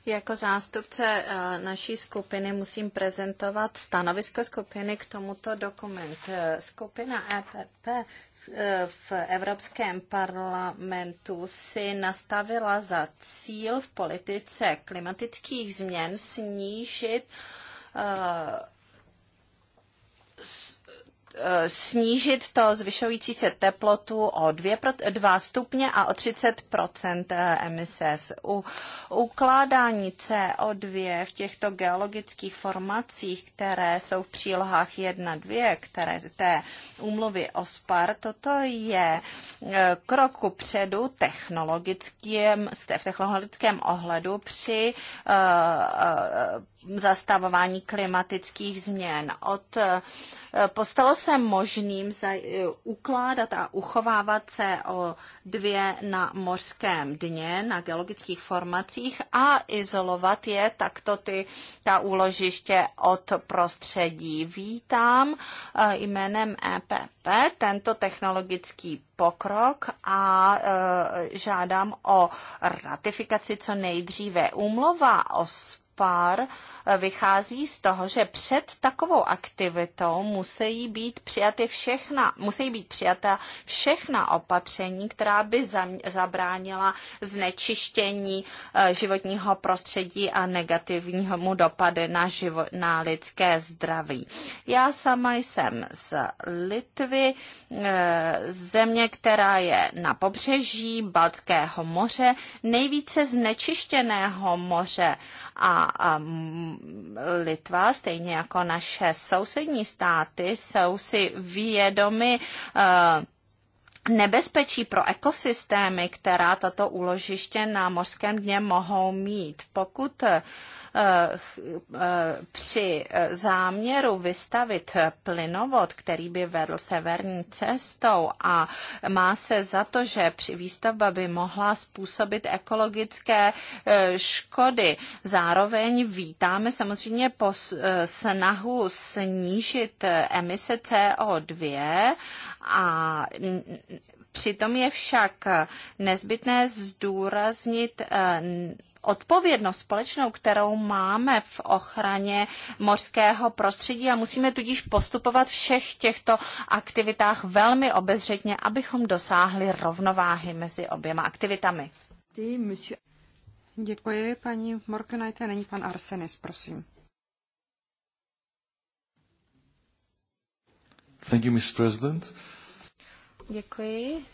Jako zástupce eh, naší skupiny musím prezentovat stanovisko skupiny k tomuto dokument. Skupina EPP eh, v Evropském parlamentu si nastavila za cíl v politice klimatických změn snížit eh, Eh, snížit to zvyšující se teplotu o 2, stupně a o 30 eh, emise. U ukládání CO2 v těchto geologických formacích, které jsou v přílohách 1-2, které té úmluvy OSPAR, toto je eh, kroku předu technologickým v technologickém ohledu při zastavování klimatických změn. Od, eh, postalo se možným za, eh, ukládat a uchovávat o dvě na mořském dně, na geologických formacích a izolovat je takto ty, ta úložiště od prostředí. Vítám eh, jménem EPP tento technologický pokrok a žádám o ratifikaci co nejdříve. Úmluva o pár vychází z toho, že před takovou aktivitou musí být přijaty všechna, musí být přijata všechna opatření, která by zabránila znečištění eh, životního prostředí a negativnímu dopadu na, živo, na lidské zdraví. Já sama jsem z Litvy, eh, země, která je na pobřeží Baltského moře, nejvíce znečištěného moře a, a Litva, stejně jako naše sousední státy, jsou si vědomi eh, nebezpečí pro ekosystémy, která tato úložiště na mořském dně mohou mít. Pokud eh, Eh, eh, při záměru vystavit plynovod, který by vedl severní cestou a má se za to, že při výstavba by mohla způsobit ekologické eh, škody. Zároveň vítáme samozřejmě po snahu snížit emise CO2 a Přitom je však nezbytné zdůraznit odpovědnost společnou, kterou máme v ochraně mořského prostředí a musíme tudíž postupovat všech těchto aktivitách velmi obezřetně, abychom dosáhli rovnováhy mezi oběma aktivitami. Děkuji, paní Morkenajte. Není pan Arsenis, prosím. Thank you, Mr. President. Děkuji.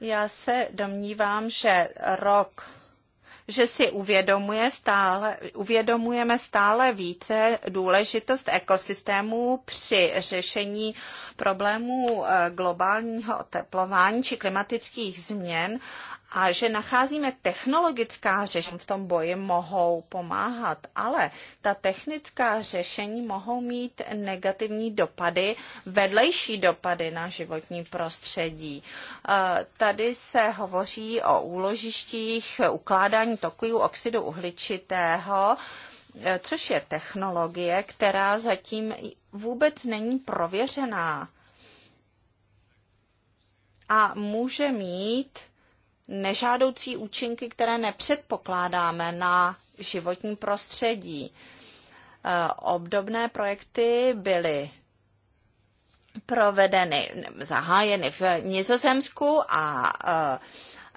Já se domnívám, že rok že si uvědomuje stále, uvědomujeme stále více důležitost ekosystémů při řešení problémů eh, globálního oteplování či klimatických změn a že nacházíme technologická řešení v tom boji mohou pomáhat, ale ta technická řešení mohou mít negativní dopady, vedlejší dopady na životní prostředí. E, tady se hovoří o úložištích ukládání toků oxidu uhličitého, e, což je technologie, která zatím vůbec není prověřená a může mít nežádoucí účinky, které nepředpokládáme na životní prostředí. E, obdobné projekty byly provedeny, zahájeny v Nizozemsku a e,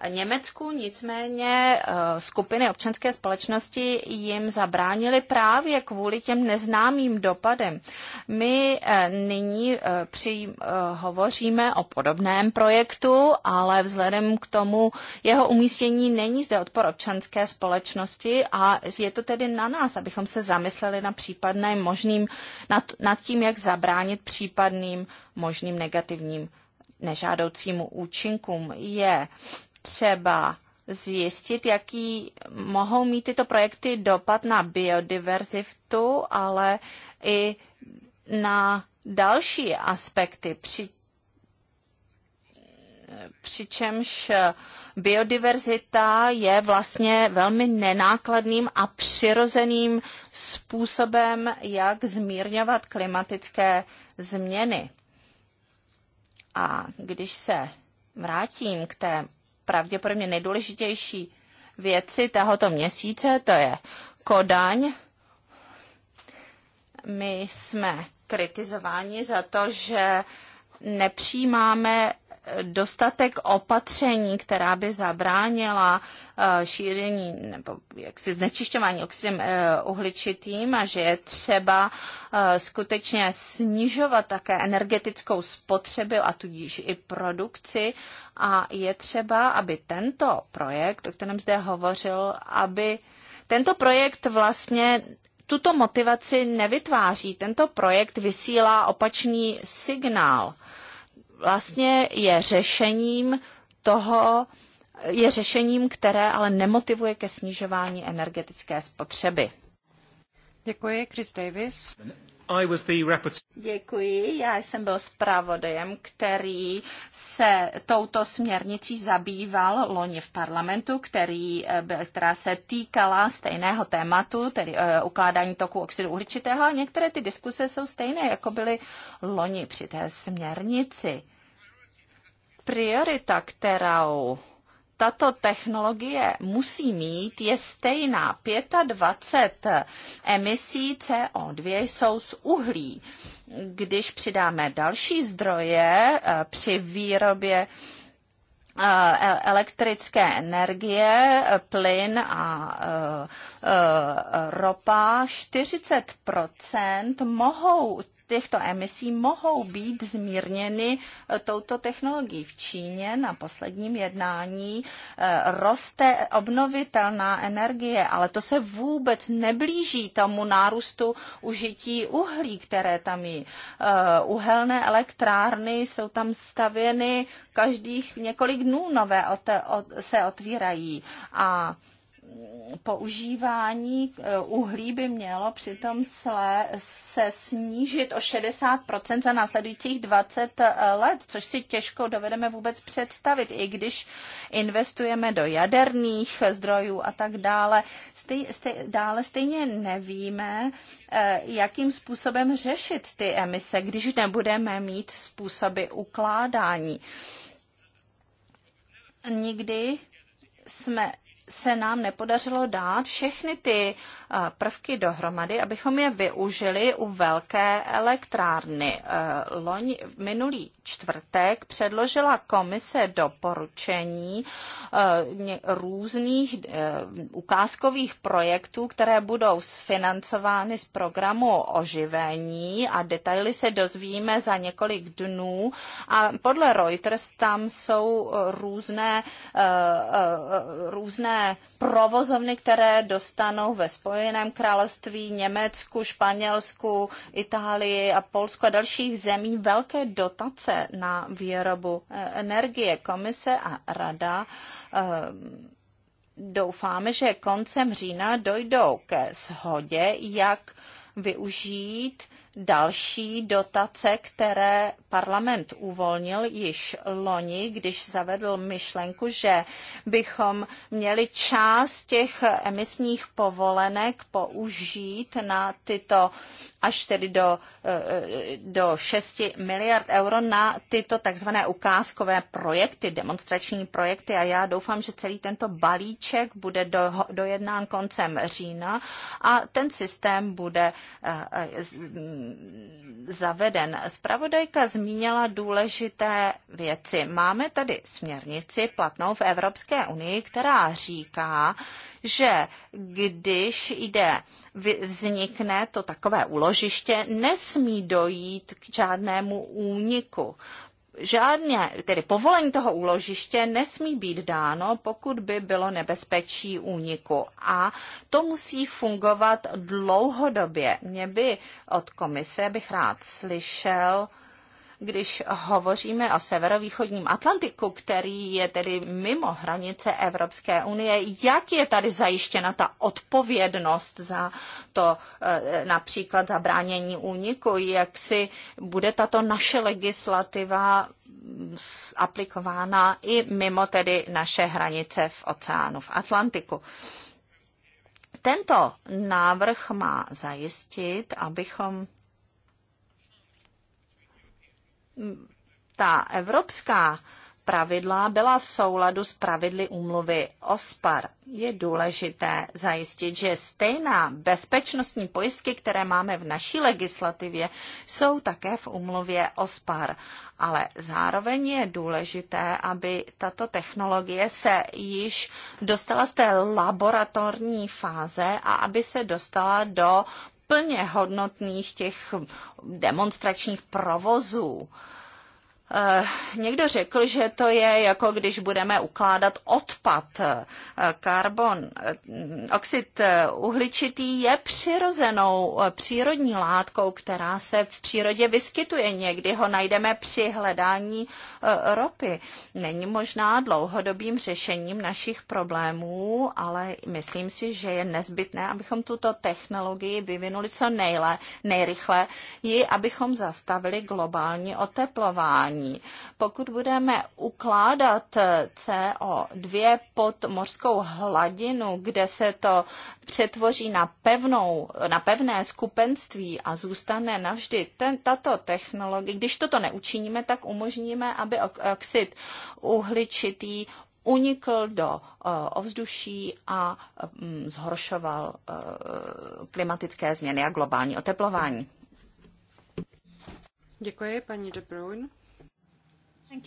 Německu, nicméně eh, skupiny občanské společnosti jim zabránily právě kvůli těm neznámým dopadem. My eh, nyní eh, při, hovoříme o podobném projektu, ale vzhledem k tomu jeho umístění není zde odpor občanské společnosti a je to tedy na nás, abychom se zamysleli na případném možným, nad, nad tím, jak zabránit případným možným negativním nežádoucímu účinkům je třeba zjistit, jaký mohou mít tyto projekty dopad na biodiverzitu, ale i na další aspekty. Při, přičemž biodiverzita je vlastně velmi nenákladným a přirozeným způsobem, jak zmírňovat klimatické změny. A když se vrátím k té pravděpodobně nejdůležitější věci tohoto měsíce, to je Kodaň. My jsme kritizováni za to, že nepřijímáme dostatek opatření, která by zabránila eh, šíření nebo jaksi znečišťování oxidem eh, uhličitým a že je třeba eh, skutečně snižovat také energetickou spotřebu a tudíž i produkci a je třeba, aby tento projekt, o kterém zde hovořil, aby tento projekt vlastně tuto motivaci nevytváří. Tento projekt vysílá opačný signál vlastně je řešením toho, je řešením, které ale nemotivuje ke snižování energetické spotřeby. Děkuji, Chris Davis. Děkuji, já jsem byl zpravodajem, který se touto směrnicí zabýval loni v parlamentu, který, eh, která se týkala stejného tématu, tedy uh, ukládání toku oxidu uhličitého a některé ty diskuse jsou stejné, jako byly loni při té směrnici priorita, kterou tato technologie musí mít, je stejná. 25 emisí CO2 jsou z uhlí. Když přidáme další zdroje eh, při výrobě eh, elektrické energie, eh, plyn a ropa, 40 mohou těchto emisí mohou být zmírněny eh, touto technologií. V Číně na posledním jednání eh, roste obnovitelná energie, ale to se vůbec neblíží tomu nárůstu užití uhlí, které tam je. Eh, uhelné elektrárny jsou tam stavěny každých několik dnů nové se otvírají a používání eh, uhlí by mělo přitom se snížit o 60% za následujících 20 eh, let, což si těžko dovedeme vůbec představit, i když investujeme do jaderných zdrojů a tak dále. Stej, stej, dále stejně nevíme, eh, jakým způsobem řešit ty emise, když nebudeme mít způsoby ukládání. Nikdy jsme se nám nepodařilo dát všechny ty prvky dohromady, abychom je využili u velké elektrárny. E, loň minulý čtvrtek předložila komise doporučení e, různých e, ukázkových projektů, které budou sfinancovány z programu oživení a detaily se dozvíme za několik dnů. A podle Reuters tam jsou různé, různé provozovny, které dostanou ve spojení Spojeném království, Německu, Španělsku, Itálii a Polsku a dalších zemí velké dotace na výrobu eh, energie. Komise a rada eh, doufáme, že koncem října dojdou ke shodě, jak využít Další dotace, které parlament uvolnil již loni, když zavedl myšlenku, že bychom měli část těch emisních povolenek použít na tyto až tedy do, eh, do 6 miliard euro na tyto takzvané ukázkové projekty, demonstrační projekty a já doufám, že celý tento balíček bude do, dojednán koncem října a ten systém bude eh, eh, zaveden. Spravodajka zmínila důležité věci. Máme tady směrnici platnou v Evropské unii, která říká, že když jde vznikne to takové uložiště, nesmí dojít k žádnému úniku žádně, tedy povolení toho úložiště nesmí být dáno, pokud by bylo nebezpečí úniku. A to musí fungovat dlouhodobě. Mě by od komise bych rád slyšel, když hovoříme o severovýchodním Atlantiku, který je tedy mimo hranice Evropské unie, jak je tady zajištěna ta odpovědnost za to eh, například zabránění úniku, jak si bude tato naše legislativa mm, aplikována i mimo tedy naše hranice v oceánu, v Atlantiku. Tento návrh má zajistit, abychom ta evropská pravidla byla v souladu s pravidly úmluvy OSPAR. Je důležité zajistit, že stejná bezpečnostní pojistky, které máme v naší legislativě, jsou také v úmluvě OSPAR. Ale zároveň je důležité, aby tato technologie se již dostala z té laboratorní fáze a aby se dostala do plně hodnotných těch demonstračních provozů. Eh, někdo řekl, že to je jako když budeme ukládat odpad. Eh, karbon, eh, oxid uhličitý je přirozenou přírodní látkou, která se v přírodě vyskytuje. Někdy ho najdeme při hledání ropy. Není možná dlouhodobým řešením našich problémů, ale myslím si, že je nezbytné, abychom tuto technologii vyvinuli co nejle, nejrychleji, abychom zastavili globální oteplování znečištění. Pokud budeme ukládat eh, CO2 pod mořskou hladinu, kde se to přetvoří na, pevnou, na pevné skupenství a zůstane navždy ten, tato technologie, když toto neučiníme, tak umožníme, aby oxid uhličitý unikl do eh, ovzduší a mm, zhoršoval eh, klimatické změny a globální oteplování. Děkuji, paní De Bruyne. Um,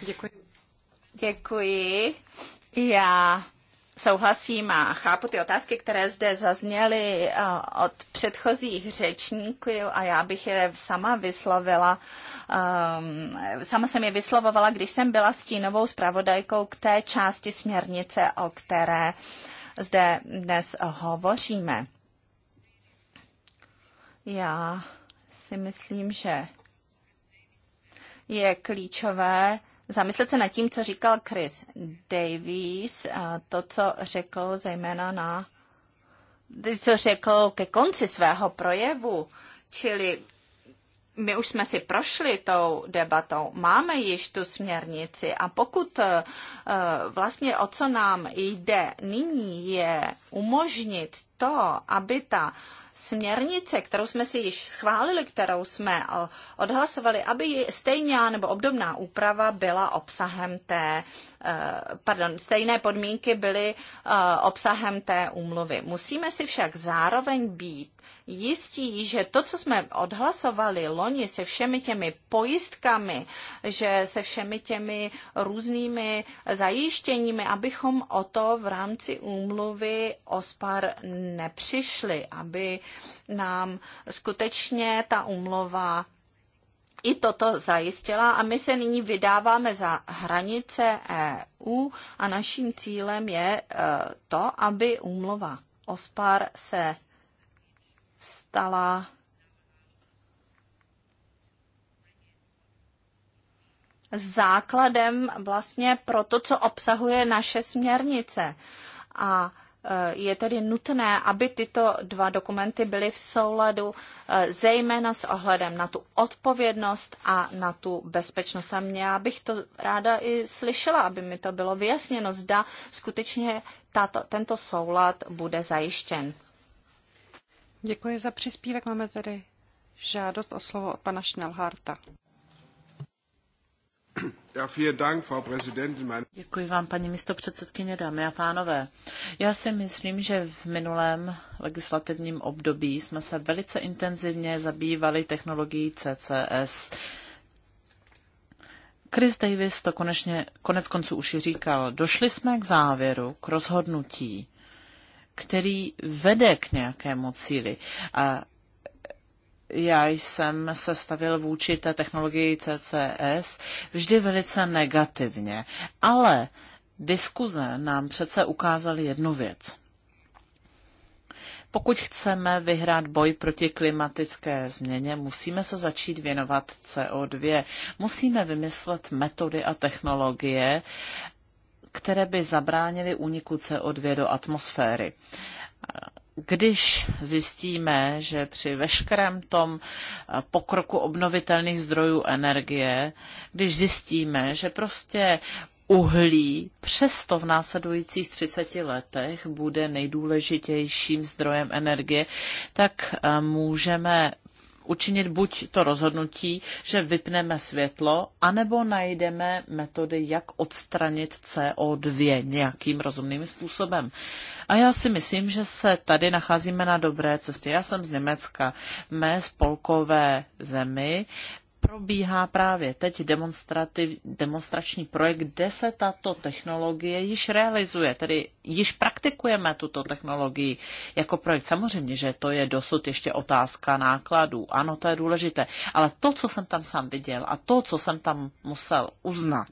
Děkuji. Děkuji. Já souhlasím a chápu ty otázky, které zde zazněly uh, od předchozích řečníků a já bych je sama vyslovila. Um, sama jsem je vyslovovala, když jsem byla stínovou zpravodajkou k té části směrnice, o které zde dnes hovoříme. Já si myslím, že je klíčové zamyslet se nad tím, co říkal Chris Davies, a to, co řekl zejména na co řekl ke konci svého projevu, čili my už jsme si prošli tou debatou, máme již tu směrnici a pokud eh, vlastně o co nám jde nyní je umožnit to, aby ta směrnice, kterou jsme si již schválili, kterou jsme eh, odhlasovali, aby stejná nebo obdobná úprava byla obsahem té, eh, pardon, stejné podmínky byly eh, obsahem té úmluvy. Musíme si však zároveň být jistí, že to, co jsme odhlasovali loni se všemi těmi pojistkami, že se všemi těmi různými zajištěními, abychom o to v rámci úmluvy OSPAR nepřišli, aby nám skutečně ta úmluva i toto zajistila a my se nyní vydáváme za hranice EU a naším cílem je e, to, aby úmluva OSPAR se stala základem vlastně pro to, co obsahuje naše směrnice. A e, je tedy nutné, aby tyto dva dokumenty byly v souladu, e, zejména s ohledem na tu odpovědnost a na tu bezpečnost. A já bych to ráda i slyšela, aby mi to bylo vyjasněno, zda skutečně tato, tento soulad bude zajištěn. Děkuji za příspěvek. Máme tady žádost o slovo od pana Schnellharta. Děkuji vám, paní místopředsedkyně, dámy a pánové. Já si myslím, že v minulém legislativním období jsme se velice intenzivně zabývali technologií CCS. Chris Davis to konečně, konec konců už říkal, došli jsme k závěru, k rozhodnutí, který vede k nějakému cíli. A já jsem se stavil vůči té technologii CCS vždy velice negativně, ale diskuze nám přece ukázaly jednu věc. Pokud chceme vyhrát boj proti klimatické změně, musíme se začít věnovat CO2. Musíme vymyslet metody a technologie, které by zabránily úniku CO2 do atmosféry. Když zjistíme, že při veškerém tom pokroku obnovitelných zdrojů energie, když zjistíme, že prostě uhlí přesto v následujících 30 letech bude nejdůležitějším zdrojem energie, tak eh, můžeme učinit buď to rozhodnutí, že vypneme světlo, anebo najdeme metody, jak odstranit CO2 nějakým rozumným způsobem. A já si myslím, že se tady nacházíme na dobré cestě. Já jsem z Německa, mé spolkové zemi probíhá právě teď demonstrativ, demonstrační projekt, kde se tato technologie již realizuje, tedy již praktikujeme tuto technologii jako projekt. Samozřejmě, že to je dosud ještě otázka nákladů. Ano, to je důležité. Ale to, co jsem tam sám viděl a to, co jsem tam musel uznat,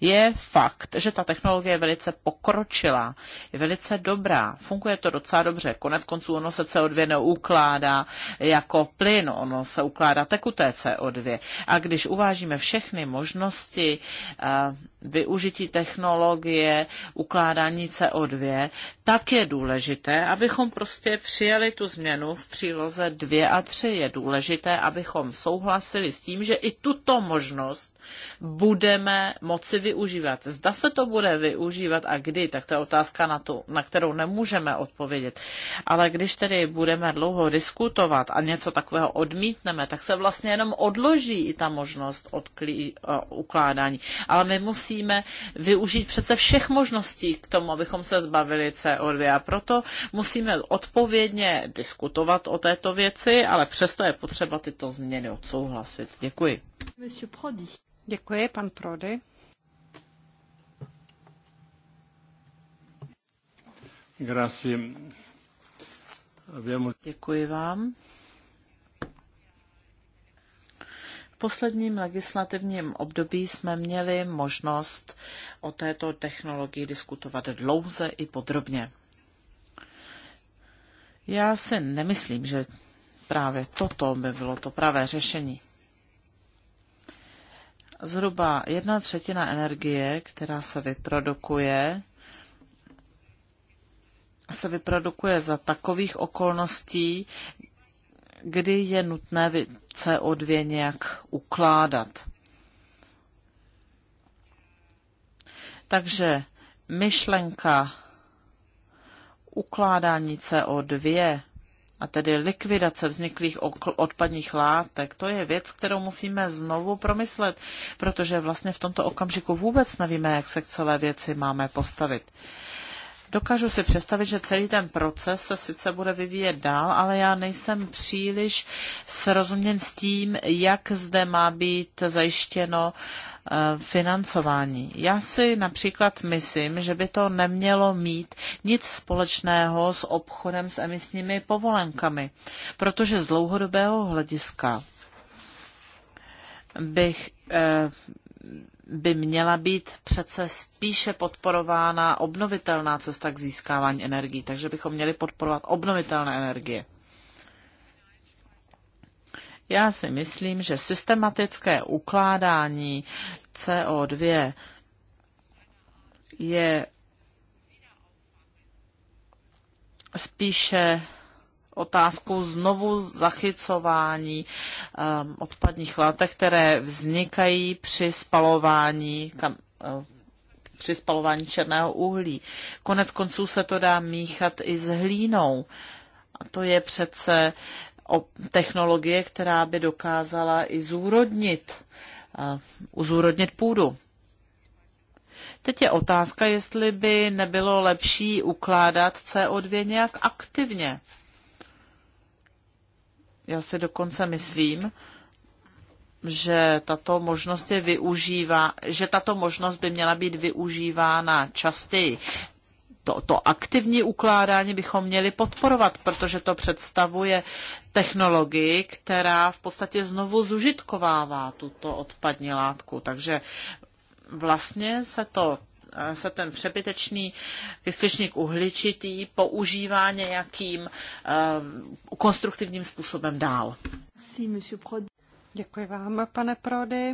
je fakt, že ta technologie je velice pokročila, je velice dobrá, funguje to docela dobře. Konec konců ono se CO2 neukládá jako plyn, ono se ukládá tekuté CO2. A když uvážíme všechny možnosti, eh, využití technologie ukládání CO2, tak je důležité, abychom prostě přijali tu změnu v příloze 2 a 3. Je důležité, abychom souhlasili s tím, že i tuto možnost budeme moci využívat. Zda se to bude využívat a kdy, tak to je otázka, na, tu, na kterou nemůžeme odpovědět. Ale když tedy budeme dlouho diskutovat a něco takového odmítneme, tak se vlastně jenom odloží i ta možnost odklí, uh, ukládání. Ale my musíme musíme využít přece všech možností k tomu, abychom se zbavili CO2. A proto musíme odpovědně diskutovat o této věci, ale přesto je potřeba tyto změny odsouhlasit. Děkuji. Děkuji, pan Prody. Děkuji vám. posledním legislativním období jsme měli možnost o této technologii diskutovat dlouze i podrobně. Já si nemyslím, že právě toto by bylo to pravé řešení. Zhruba jedna třetina energie, která se vyprodukuje, se vyprodukuje za takových okolností, kdy je nutné CO2 nějak ukládat. Takže myšlenka ukládání CO2 a tedy likvidace vzniklých odpadních látek, to je věc, kterou musíme znovu promyslet, protože vlastně v tomto okamžiku vůbec nevíme, jak se k celé věci máme postavit. Dokážu si představit, že celý ten proces se sice bude vyvíjet dál, ale já nejsem příliš srozuměn s tím, jak zde má být zajištěno eh, financování. Já si například myslím, že by to nemělo mít nic společného s obchodem s emisními povolenkami, protože z dlouhodobého hlediska bych eh, by měla být přece spíše podporována obnovitelná cesta k získávání energií, takže bychom měli podporovat obnovitelné energie. Já si myslím, že systematické ukládání CO2 je spíše otázku znovu zachycování um, odpadních látek, které vznikají při spalování, kam, uh, při spalování černého uhlí. Konec konců se to dá míchat i s hlínou. A to je přece o technologie, která by dokázala i zúrodnit, uh, uzúrodnit půdu. Teď je otázka, jestli by nebylo lepší ukládat CO2 nějak aktivně. Já si dokonce myslím, že tato možnost je využívá, že tato možnost by měla být využívána častěji. To, to aktivní ukládání bychom měli podporovat, protože to představuje technologii, která v podstatě znovu zužitkovává tuto odpadní látku. Takže vlastně se to se ten přebytečný kysličník uhličitý používá nějakým eh, konstruktivním způsobem dál. Děkuji vám, pane Prody.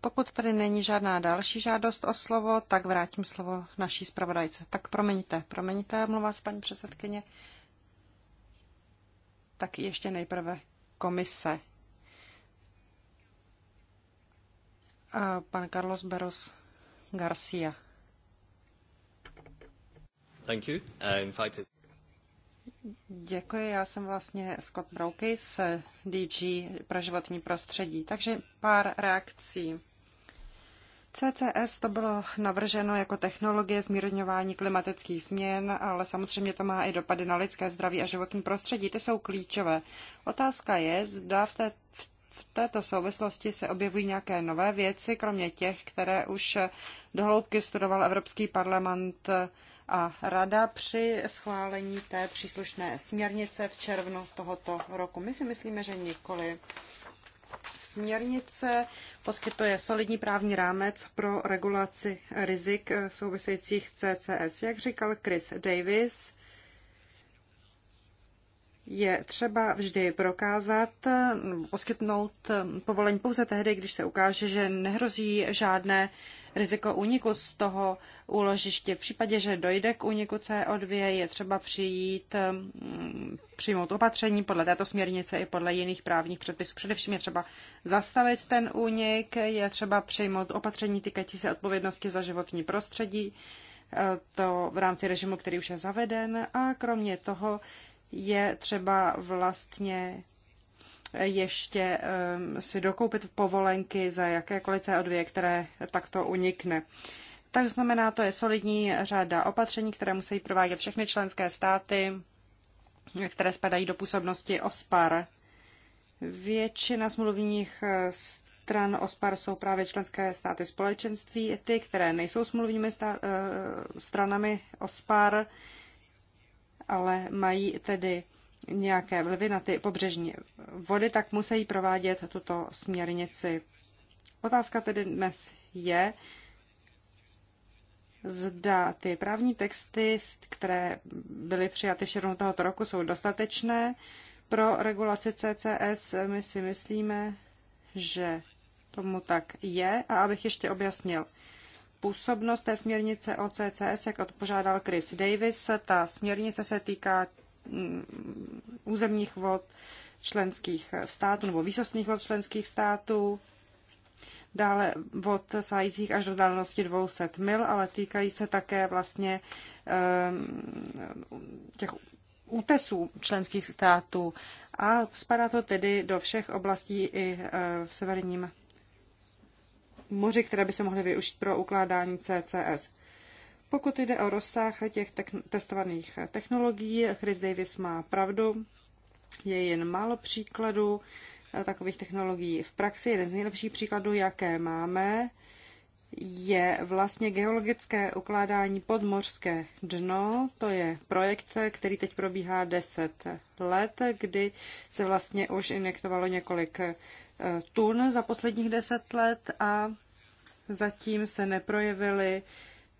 Pokud tady není žádná další žádost o slovo, tak vrátím slovo naší zpravodajce. Tak promiňte, promiňte, mluvá se paní předsedkyně. Tak ještě nejprve komise. A eh, pan Carlos Beros Garcia. Uh, Děkuji, já jsem vlastně Scott Brouky z DG pro životní prostředí. Takže pár reakcí. CCS to bylo navrženo jako technologie zmírňování klimatických změn, ale samozřejmě to má i dopady na lidské zdraví a životní prostředí. Ty jsou klíčové. Otázka je, zda v, té, v této souvislosti se objevují nějaké nové věci, kromě těch, které už dohloubky studoval Evropský parlament a rada při schválení té příslušné směrnice v červnu tohoto roku. My si myslíme, že nikoli. Směrnice poskytuje solidní právní rámec pro regulaci rizik souvisejících s CCS. Jak říkal Chris Davis, je třeba vždy prokázat, poskytnout eh, povolení pouze tehdy, když se ukáže, že nehrozí žádné riziko úniku z toho úložiště. V případě, že dojde k úniku CO2, je třeba přijít, eh, mm, přijmout opatření podle této směrnice i podle jiných právních předpisů. Především je třeba zastavit ten únik, je třeba přijmout opatření týkající se odpovědnosti za životní prostředí, eh, to v rámci režimu, který už je zaveden a kromě toho je třeba vlastně ještě ehm, si dokoupit povolenky za jakékoliv CO2, které takto unikne. Tak znamená, to je solidní řada opatření, které musí provádět všechny členské státy, které spadají do působnosti OSPAR. Většina smluvních eh, stran OSPAR jsou právě členské státy společenství, ty, které nejsou smluvními eh, stranami OSPAR, ale mají tedy nějaké vlivy na ty pobřežní vody, tak musí provádět tuto směrnici. Otázka tedy dnes je, zda ty právní texty, které byly přijaty v červnu tohoto roku, jsou dostatečné pro regulaci CCS. My si myslíme, že tomu tak je. A abych ještě objasnil, působnost té směrnice o CCS, jak odpořádal Chris Davis. Ta směrnice se týká mm, územních vod členských států nebo výsostných vod členských států, dále vod sájících až do vzdálenosti 200 mil, ale týkají se také vlastně ehm, těch útesů členských států a spadá to tedy do všech oblastí i eh, v severním moři, které by se mohly využít pro ukládání CCS. Pokud jde o rozsah těch testovaných technologií, Chris Davis má pravdu, je jen málo příkladů eh, takových technologií v praxi. Jeden z nejlepších příkladů, jaké máme, je vlastně geologické ukládání podmořské dno. To je projekt, který teď probíhá 10 let, kdy se vlastně už injektovalo několik eh, tun za posledních 10 let a zatím se neprojevily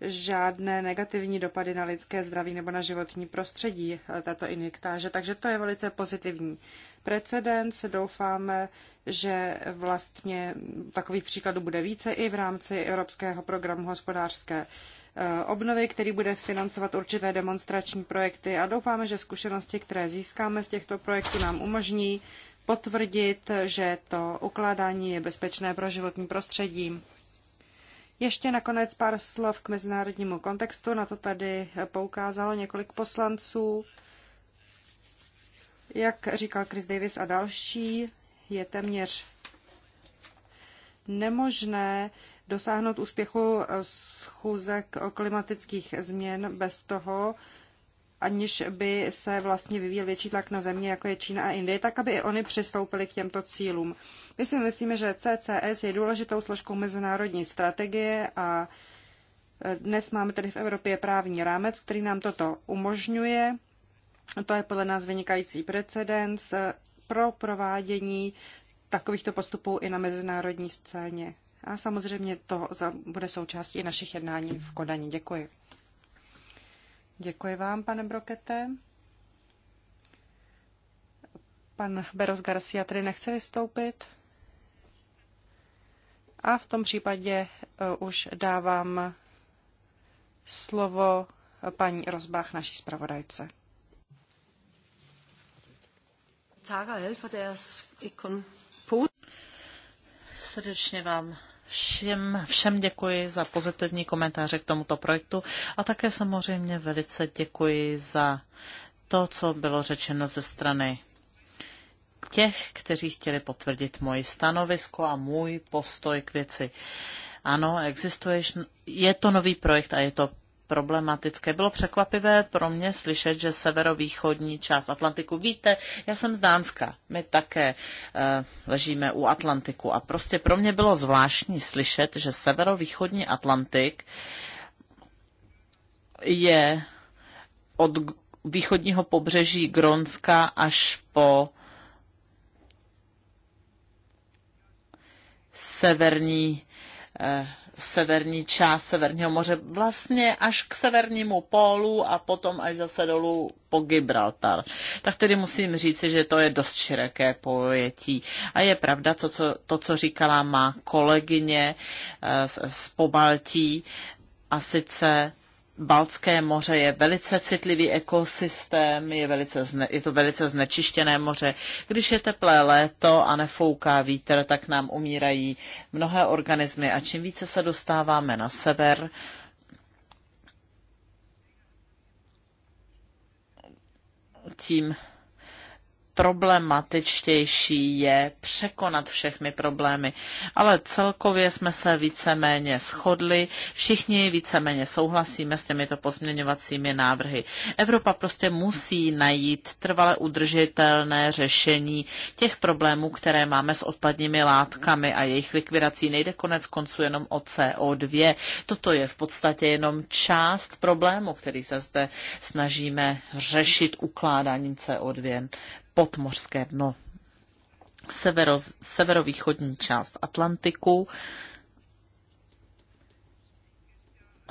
žádné negativní dopady na lidské zdraví nebo na životní prostředí eh, tato injektáže. Takže to je velice pozitivní precedens. Doufáme, že vlastně takových příkladů bude více i v rámci Evropského programu hospodářské eh, obnovy, který bude financovat určité demonstrační projekty a doufáme, že zkušenosti, které získáme z těchto projektů, nám umožní potvrdit, že to ukládání je bezpečné pro životní prostředí. Ještě nakonec pár slov k mezinárodnímu kontextu. Na to tady poukázalo několik poslanců. Jak říkal Chris Davis a další, je téměř nemožné dosáhnout úspěchu schůzek o klimatických změn bez toho, aniž by se vlastně vyvíjel větší tlak na země, jako je Čína a Indie, tak aby i oni přistoupili k těmto cílům. My si myslíme, že CCS je důležitou složkou mezinárodní strategie a e, dnes máme tedy v Evropě právní rámec, který nám toto umožňuje. To je podle nás vynikající precedens e, pro provádění takovýchto postupů i na mezinárodní scéně. A samozřejmě to bude součástí i našich jednání v Kodani. Děkuji. Děkuji vám, pane Brokete. Pan Beros Garcia tedy nechce vystoupit. A v tom případě e, už dávám slovo paní Rozbách, naší zpravodajce. Srdečně vám Všem, všem děkuji za pozitivní komentáře k tomuto projektu a také samozřejmě velice děkuji za to, co bylo řečeno ze strany těch, kteří chtěli potvrdit moje stanovisko a můj postoj k věci. Ano, existuje, je to nový projekt a je to problematické. Bylo překvapivé pro mě slyšet, že severovýchodní část Atlantiku, víte, já jsem z Dánska, my také e, ležíme u Atlantiku a prostě pro mě bylo zvláštní slyšet, že severovýchodní Atlantik je od východního pobřeží Gronska až po severní e, severní část Severního moře, vlastně až k severnímu pólu a potom až zase dolů po Gibraltar. Tak tedy musím říci, že to je dost široké pojetí. A je pravda co co, to, co říkala má kolegyně eh, z, z Pobaltí, a sice Baltské moře je velice citlivý ekosystém, je, velice zne, je to velice znečištěné moře. Když je teplé léto a nefouká vítr, tak nám umírají mnohé organismy a čím více se dostáváme na sever, tím problematičtější je překonat všechny problémy. Ale celkově jsme se víceméně shodli, všichni víceméně souhlasíme s těmito pozměňovacími návrhy. Evropa prostě musí najít trvale udržitelné řešení těch problémů, které máme s odpadními látkami a jejich likvidací. Nejde konec konců jenom o CO2. Toto je v podstatě jenom část problému, který se zde snažíme řešit ukládáním CO2 podmořské dno. Severo, severovýchodní část Atlantiku.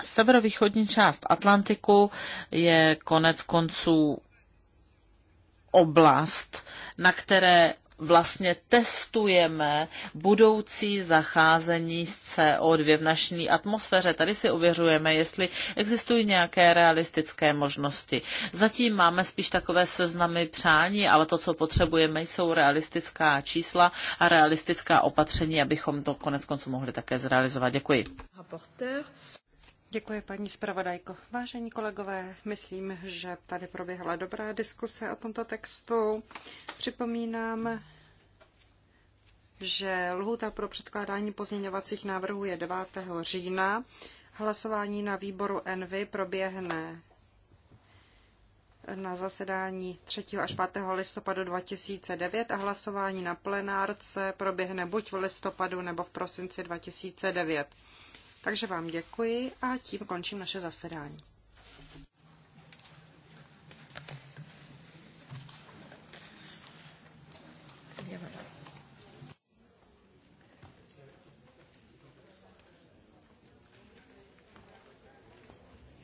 Severovýchodní část Atlantiku je konec konců oblast, na které vlastně testujeme budoucí zacházení s CO2 v naší atmosféře. Tady si ověřujeme, jestli existují nějaké realistické možnosti. Zatím máme spíš takové seznamy přání, ale to, co potřebujeme, jsou realistická čísla a realistická opatření, abychom to konec konců mohli také zrealizovat. Děkuji. Rapporteur. Děkuji, paní zpravodajko. Vážení kolegové, myslím, že tady proběhla dobrá diskuse o tomto textu. Připomínám, že lhůta pro předkládání pozměňovacích návrhů je 9. října. Hlasování na výboru ENVY proběhne na zasedání 3. až 5. listopadu 2009 a hlasování na plenárce proběhne buď v listopadu nebo v prosinci 2009. Takže vám děkuji a tím končím naše zasedání.